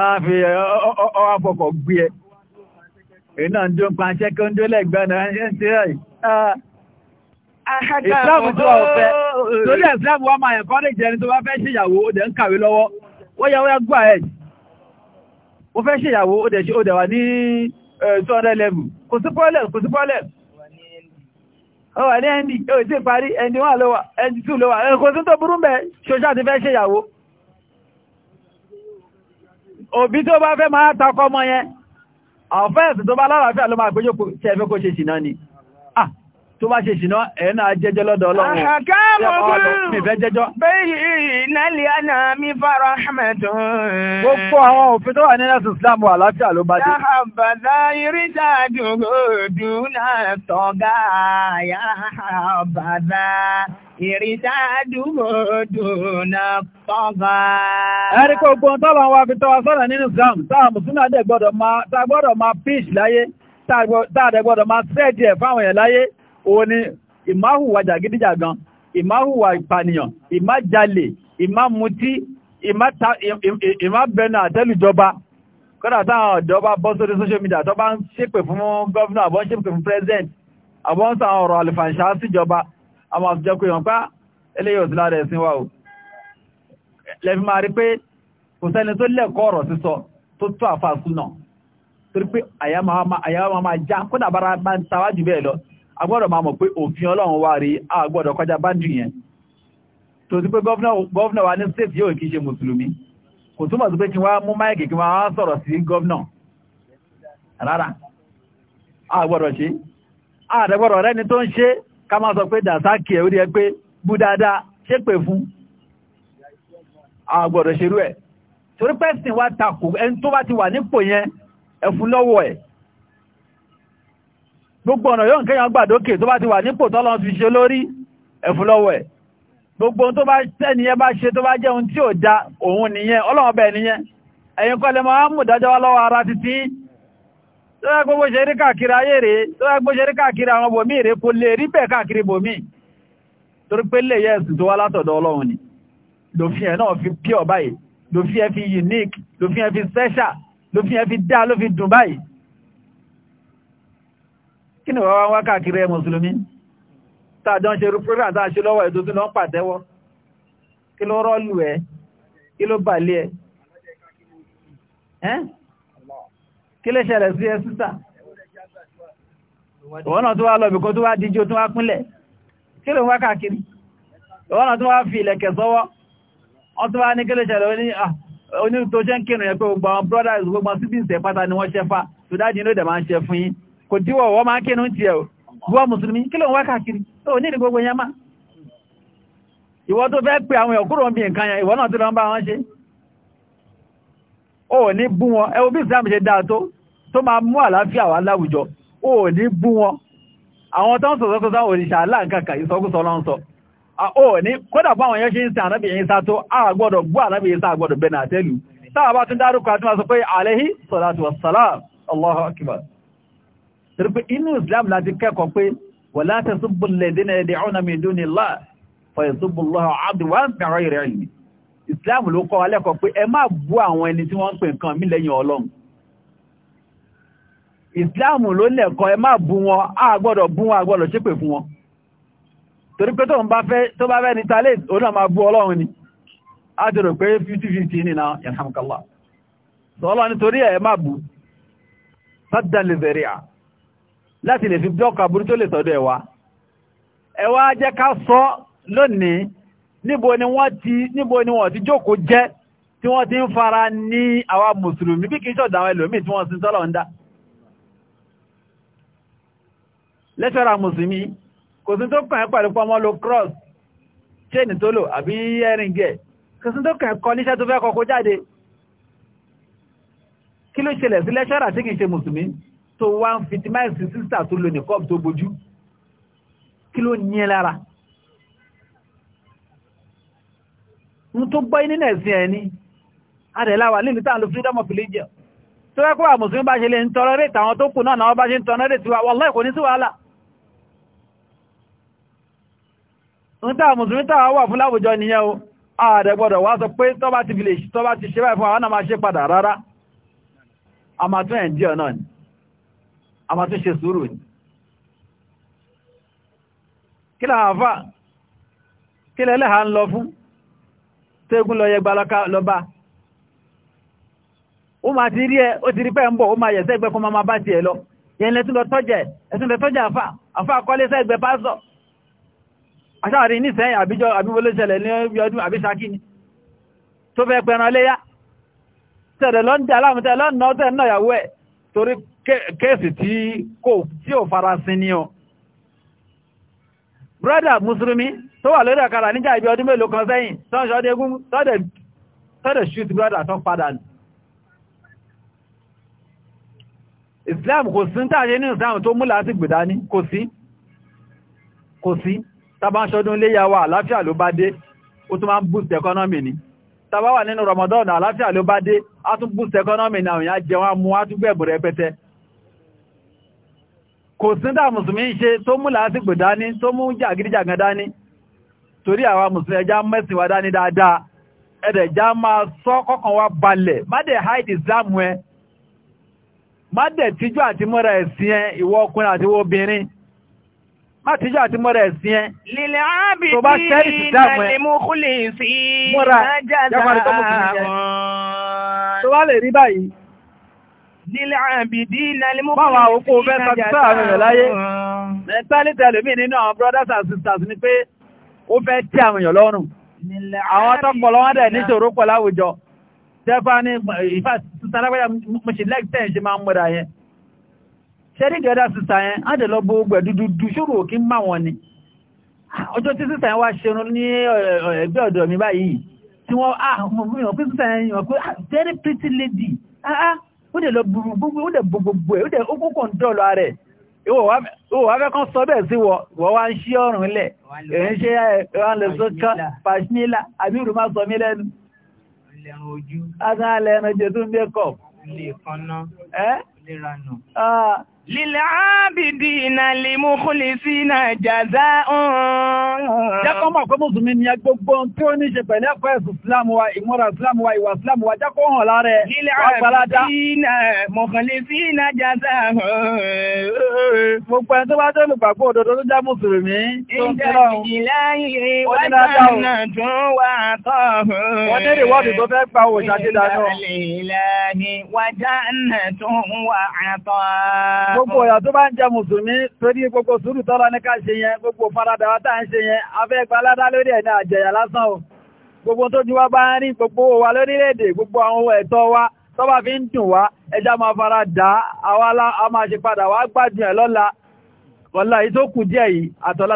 àfi ọwà fọkọ̀ gbé ẹ iná ń dún pàṣẹ kí ń dún lẹ́gbẹ̀ẹ́nà ẹ̀ ń tẹ́ ẹ̀ ìsìláàmù tó wà fẹ́ torí ìsìláàmù wà máa ẹ̀kọ́ rẹ̀ jẹni tó bá fẹ́ ṣèyàwó ó dẹ̀ ń kàwé lọ́wọ́ wọ́yá wọ́yá gbà ẹ̀ ó fẹ́ ṣèyàwó ó dẹ̀ ṣe ó dẹ̀ wà ní 200 level kò sí problem kò sí problem ó wà ní ẹni ó ti parí ẹni wà lọ́wà ẹni tù lọ́wà kò sí tó burú mẹ́ ṣoṣá ti fẹ́ ṣèyàwó òbí tó bá fẹ́ máa takọ́ ọmọ yẹn ọ̀fẹ́ẹ̀sì tó bá lálàáfíà ló máa péjọ́ tẹ́ẹ̀fẹ́ kó ṣe ṣìnà ni tó bá ṣe ṣìná ẹ̀ẹ́nà jẹ́jọ́ lọ́dọ̀ ọlọ́run Gbogbo àwọn òfin tó wà nínú ẹ̀sùn Ìsìlámù àlàáfíà ló bá dé. Àbàdá ìrìjà dùgbò dùnà tọ́gá yá àbàdá ìrìjà dùgbò dùnà tọ́gá. Ẹ̀rí kò gbọ́n tọ́lọ̀ wa fi tọ́wà sọ́nà nínú Ìsìlámù táà Mùsùlùmí àdẹ̀ gbọ́dọ̀ máa píṣ láyé, táà gbọ́dọ̀ máa sẹ́ẹ̀dì ẹ̀ fáwọn ẹ̀ láyé òun ni ìmáhùwà jàgídíjàgan ìmáhùwà ìpànìyàn ìmájalè ìmámutí ìmábẹnu àtẹ́lùjọba kọ́dà táwọn ọ̀dọ́ bá bọ́ sórí social media tó bá ń ṣépè fún gọ́vnà àbọ̀ ń ṣépè fún president àbọ̀ ń sàn ọ̀rọ̀ àlùfàǹṣá síjọba àwọn àtijọ́ pé wọ́n ah, pa eléyìí òsì lára ẹ̀sìn wa o lẹ́fi máa rí pé kò sẹ́ni tó lẹ́kọ̀ọ́ ọ̀rọ̀ sísọ tó tó àfàsùn náà torí pé àyà máa já kódà bára máa ń tawájú bẹ́ẹ̀ lọ agbọ́dọ̀ máa mọ̀ pé òfin ọlọ́run wà rí agbọ́dọ̀ kọjá báńdì yẹn tó ti pé gọ́vnà wa ní state yóò kìí ṣe mùsùlùmí kò túmọ̀ sí pé kí wá mú máìkì kí wọ́n sọ̀rọ̀ sí gọ́vnà rárá agbọ́dọ̀ ṣe àdẹ́gbọ́dọ̀ rẹ́ni tó ń ṣe ká máa sọ pé dàsákì torí pẹ́sìn wa takò ẹni tó bá ti wà nípò yẹn ẹ̀fún lọ́wọ́ ẹ̀ gbogbo ọ̀nà yóò kẹ́yàn gbàdókè tó bá ti wà nípò tọ́lọ́ fi ṣe lórí ẹ̀fún lọ́wọ́ ẹ̀ gbogbo tó bá tẹ́niyẹ bá ṣe tó bá jẹ́ ohun tí ò da òun nìyẹn ọlọ́run bẹ́ẹ̀ nìyẹn ẹ̀yin kọ́ lẹ máa mú ìdájọ́ wá lọ́wọ́ ara títí tó yẹ gbogbo ṣe rí káàkiri ayé rèé tó yẹ gbogbo ṣe rí káàkiri àwọn bòmí rèé kò lè rí bẹ́ẹ̀ káàkiri bòmí kí ni wọ́n wá káàkiri ẹ mùsùlùmí tàjọ ń ṣe rú program tàà ṣe lọ́wọ́ ètò tí lọ ń pàtẹ́wọ́ kí ló rọ́lù ẹ kí ló bàlẹ̀ ẹ kí lè ṣẹlẹ̀ sí ẹ sísà ìwọ́n náà tó wá lọ tó wá díjó tó wá pínlẹ̀ kí ló wá káàkiri ìwọ́n tó wá fi ilẹ̀kẹ̀ sọ́wọ́ wọ́n tó wá ní kí lè ṣẹlẹ̀ oní tó ṣe ń kírun yẹn pé gbogbo àwọn brothers gbogbo síbí ìṣẹ́ pátá ni wọ́n ṣẹ́fà tó dájú ní ó máa ń ṣe fún yín kò díwọ̀ ma máa kínú ti ẹ̀ wọ́n mùsùlùmí kí ló ń wá káàkiri tó gbogbo yẹn má ìwọ tó fẹ́ pé àwọn ẹ̀kúrò ń bí nǹkan yẹn ìwọ náà tó lọ ń bá wọn ṣe ó ní bú wọn ẹ bí Islam ṣe dáa tó tó máa a gbọ́dọ̀ bú ànábì yẹn sá gbọ́dọ̀ bẹ́ẹ̀ nà àtẹ́lù táwọn bá tún dárúkọ àti máa torí inu islam láti kẹ́kọ̀ọ́ pé wala tasubbu alladhina yad'una min dunillahi fa yasubbu Allaha adwan bighayri ilm islam ló kọ́ wa pé ẹ bú àwọn ẹni tí wọ́n pè nǹkan mí lẹ́yìn ọlọ́run islam ló lẹ́kọ̀ọ́ ẹ má bú wọn a gbọ́dọ̀ bú wọn a gbọ́dọ̀ ṣépè fún wọn torí pé tó bá fẹ́ ní talé òun náà máa bú ọlọ́run ni a rò pé 50-50 nítorí ẹ̀ bú lè bẹ̀rẹ̀ láti lè fi blọ́ọ̀kù aburú tó lè sọ́dọ̀ ẹ̀ wá ẹ wá jẹ́ ká sọ lónìí níbo ni wọ́n ti níbo ni wọ́n ti jókòó jẹ́ tí wọ́n ti ń fara ní àwa mùsùlùmí bí kìí ṣọ̀dá àwọn ẹlòmíì tí wọ́n sin tọ́lọ̀ ń dá lẹ́ṣọ́ra mùsùlùmí kò sí tó kàn ẹ́ pẹ̀lú pọmọ lo cross chain tó lò àbí ẹ̀rìngẹ̀ kò sí tó kàn ẹ́ kọ níṣẹ́ tó fẹ́ kọ́kọ́ jáde kí ló ṣẹlẹ̀ sí lẹ́ṣọ́ra tí kìí ṣe mùsùlùmí tó wá ń fitimáìsì sísà tó lo nìkọ́ọ̀bù tó bojú kí ló ní ẹ lára ń tó gbọ́ nínú ẹ̀sìn ẹni adẹ̀láwà nílùú tàà lo freedom of religion tó wẹ́kọ́ wà mùsùlùmí bá ṣe lè ń tọrọ rẹ̀ tàwọn tó kù náà náà bá ṣe ń tọrọ rẹ̀ tiwa wallahi kò ní sí wàhálà ń tàà mùsùlùmí tàà wà fún láwùjọ nìyẹn o ààrẹ̀gbọ́dọ̀ wá sọ pé tọ́bá ti village tọ́bá ti ṣe báyìí fún àwọn náà máa ṣe padà rárá a ẹ̀ ń náà ni a máa tún ṣe sùúrù ní kí lọ àfà kí lọ ẹlẹ́ha ń lọ fún tẹ́gùn lọ yẹgbà lọ́ba ó máa ti rí ẹ ó ti rí pẹ́ ń bọ̀ ó máa yẹ̀sẹ́ ẹgbẹ́ fún máa bá tiẹ̀ lọ yẹn lẹ́tún lọ tọ́jẹ̀ ẹ̀sùn lọ tọ́jẹ̀ àfà àfà kọ́lé sẹ́gbẹ́ pásọ̀ ẹ̀ torí kẹ́ẹ̀sì tí kò tí ò farasin ní ọ brother musulmi tó wà lórí ọ̀kadà níjà ibi ọdún mélòó kan sẹ́yìn tán ṣọ́dẹ̀ egún tọ́dẹ̀ shoot brọ́dà tán padà nù islam kò sí tààṣẹ ní islam tó múlá sí gbìdá ní kò sí kò sí tàbá ṣọdún léyàwó àlàáfíà ló bá dé ó tún máa ń boost economy ni tàbá wà nínú Ramadan àláfíà ló bá dé a tún boost economy náà ìyá jẹun amú a tún gbẹ̀bù rẹpẹtẹ kò síndà mùsùlùmí ṣe tó mú làásìgbò dání tó mú jàgídíjàgan dání torí àwa mùsùlùmí ẹja mẹ́sìn wa dání dáadáa ẹ̀dẹ̀ já máa sọ kọ́kàn wa balẹ̀ má dẹ̀ hide Islam ẹ má dẹ̀ tíjú àti múra ẹ̀sìn ẹ ìwọ ọkùnrin àti obìnrin má tíjọ́ àti mọ́rẹ̀ sí ẹ́ lílẹ̀ ábí tó bá sẹ́rì sí dáàmù ẹ́ mọ́ra jágbàrí tó mú kìí jẹ́ tó wá lè rí báyìí lílẹ̀ ábí dínà lè mú kìí jẹ́ jágbàrí tó mú nínú àwọn brothers and sisters ni pé ó fẹ́ tí àwọn èèyàn lọ́rùn àwọn tọ́pọ̀lọ́ wọn dẹ̀ níṣòro pọ̀ láwùjọ tẹ́fà ní ìfà ṣẹ́rí ìjọdá sísà yẹn á dẹ̀ lọ bó gbẹ̀ dúdú ṣòro kí ń má wọn ni ọjọ́ tí sísà yẹn wá ṣerun ní ẹgbẹ́ ọ̀dọ̀ mi báyìí tí wọ́n á ah, mọ̀ pé sísà yẹn yàn pé ah, very pretty lady ah, ah ó dẹ̀ lọ gbogbo ó dẹ̀ gbogbo ẹ̀ ó dẹ̀ ó kókò ń dọ̀lọ́ rẹ̀ ìwọ̀ wá fẹ́ kán sọ bẹ́ẹ̀ sí wọ wọ́n wá ń ṣí ọ̀rùn lẹ̀ èyí ń ṣe ẹ̀wọ̀n lè sọ kan pàṣmílà àbí ìrùmá sọ mí Lílàábìdìnà lè mú kúlè sínà jàzá ọ̀rọ̀. Jákọ́ mọ̀ pé Mùsùlùmí ni gbogbo tí ó ní ṣe pẹ̀lú ẹ̀kọ́ ẹ̀sùn Ìsìlámù wa, ìmúra Ìsìlámù wa, ìwà Ìsìlámù wa, jákọ́ hàn lára ẹ̀. Lílàábìdìnà mọ̀ kúlè sínà jàzá ọ̀rọ̀. Gbogbo ẹni tó bá jẹ́ olùgbàgbọ́ òdodo tó já Mùsùlùmí. Ìjà ìjìlá yìí wájú náà tún wà tọ̀ ọ̀rọ̀. Wọ́n ní ìwọ́dù tó fẹ́ pa òṣàdídà náà. Ìjà ìjìlá yìí wájú náà tún wà tọ̀ ọ̀rọ̀. gbogbo ọ̀yà tó bá ń jẹ mùsùlùmí torí gbogbo sùúrù tọ́lọ ní ká ṣe yẹn gbogbo faradà wá ń ṣe yẹn lórí àjẹyà lásán o gbogbo tó ju wá rí gbogbo wa lórílẹ̀-èdè gbogbo àwọn ẹ̀tọ́ wa tó bá fi ń dùn wá máa fara àwa a máa ṣe padà wá gbádùn ẹ̀ lọ́la díẹ̀ yìí àtọ́lá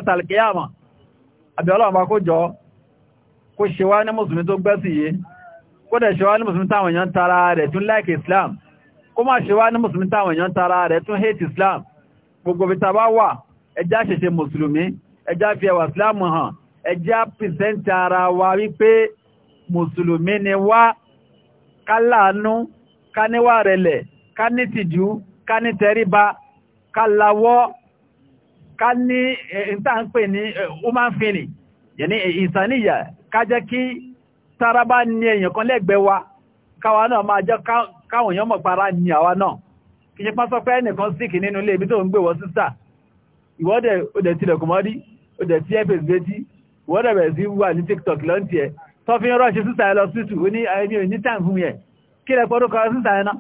àbí ọlọ́run bá kó jọ kó ṣe wá ní tara rẹ̀ kó má ṣe wá ní mùsùlùmí táwọn èèyàn tara rẹ̀ tún hate islam gbogbo bí tàbá wà ẹjá ṣẹṣẹ mùsùlùmí ẹjá fi ẹwà islam hàn ẹjá pìsẹ́ntì ara wa wípé mùsùlùmí ni wá káláàánú ká níwà rẹ̀lẹ̀ ká ní tìjú ká ní tẹríba ká lawọ́ ká ní ìtàǹpè ní human yẹni ìsàníyà ká jẹ́ kí taraba ní èèyàn kan lẹ́gbẹ̀ẹ́ wa káwa náà máa jẹ́ káwọn èèyàn mọ̀ para ní àwa náà kì í pásọ pé ẹnìkan sí kì nínú ilé ibi tó ń gbé wọ sísà ìwọ́dẹ̀ òdẹ̀ tilẹ̀kùn mọ́rí òdẹ̀ tí ẹ́pẹ̀ gbéjì ìwọ́dẹ̀ bẹ̀rẹ̀ sí wà ní tiktok lọ́ntì ẹ̀ tó fi ń rọ́ọ̀ṣẹ́ sísà ẹ lọ sí tù ní ẹni òní tàn fún yẹ kí lẹ pọ́dún kan sísà ẹ náà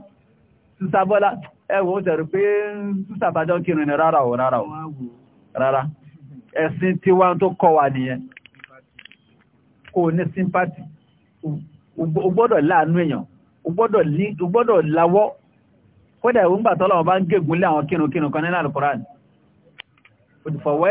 sísà bọ́lá ẹ wò ó tẹ̀rù pé sísà bàjọ́ kírun ni rárá o rárá o rárá ẹ̀sìn tiwa tó kọ́ wa nìyẹn kò ní sympathy o gbọ́dọ̀ láàánú èèyàn o gbọ́dọ̀ láwọ́ kódà ìwọ̀n gbà tọ́lọ́wọ́ bá ń gégúnlé àwọn kírùnkírùn kan nínú Al-Qur'an òdìfọ̀wọ́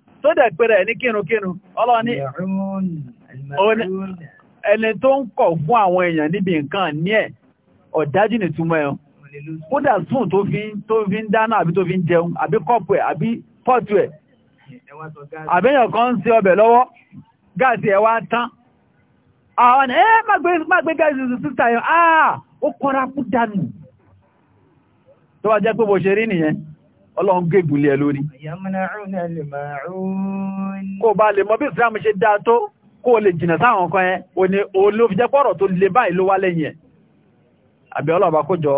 tó dẹ̀ pẹ̀rẹ̀ ní kírùnkírùn ọlọ́ni ẹni tó ń kọ̀ fún àwọn èèyàn níbi nǹkan ní ẹ̀ ọ̀dájú nìtumọ̀ ẹ̀ kódà sùn tó fi ń dáná àbí tó fi ń jẹun àbí kọ́pù ẹ̀ àbí pọ́ọ̀tù ẹ̀ àbẹ́yàn kan ń ṣe ọbẹ̀ lọ́wọ́ gáàsì ẹ̀ wá tán àwọn ẹ̀ má gbé gáàsì sísà yẹn ó kọ́ra kú dànù tó wá jẹ́ pé bó ṣe rí nìyẹn ọlọ́run gẹ́gùlẹ̀ ẹ lórí. kó bá lè mọ bí islam ṣe dáa tó kó lè jìnà sáwọn kan ẹ o ni olófijẹ́ pọ̀rọ̀ tó lè báyìí ló wá lẹ́yìn ẹ̀ àbí ọlọ́ọ̀bá kó jọ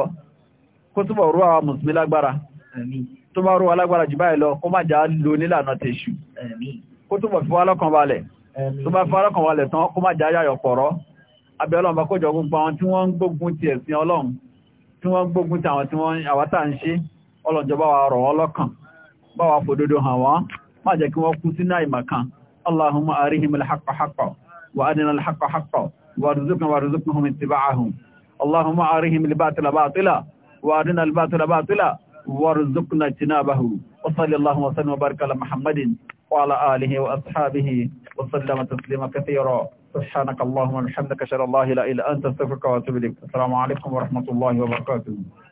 kó túbọ̀ rú àwọn mùsùlùmí lágbára tó bá rú alágbára jù báyìí lọ kó má jà lò nílànà tèṣù kó túbọ̀ fi wá lọ́kàn balẹ̀ tó bá fi wá lọ́kàn balẹ̀ tán kó má jà yàyọ̀ pọ̀rọ̀ àbí ọlọ́ọ̀bá kó jọ gbogbo àwọn tí wọ́n ń gbógun ti ẹ̀sìn ọlọ́run tí wọ́n ń gbógun ti àwọn tí wọ́n àwátà ń ṣe ọlọ́njọba wa rọ̀ ọlọ́kàn bá wa fòdodo hàn wọ́n má jẹ́ kí wọ́n kú sí náà ìmọ̀kan allahumma arihim alhaqqa wa adina alhaqqa wa rizqna wa rizqnahum ittiba'ahum سبحانك اللهم وبحمدك اشهد ان لا اله الا انت استغفرك واتوب اليك السلام عليكم ورحمه الله وبركاته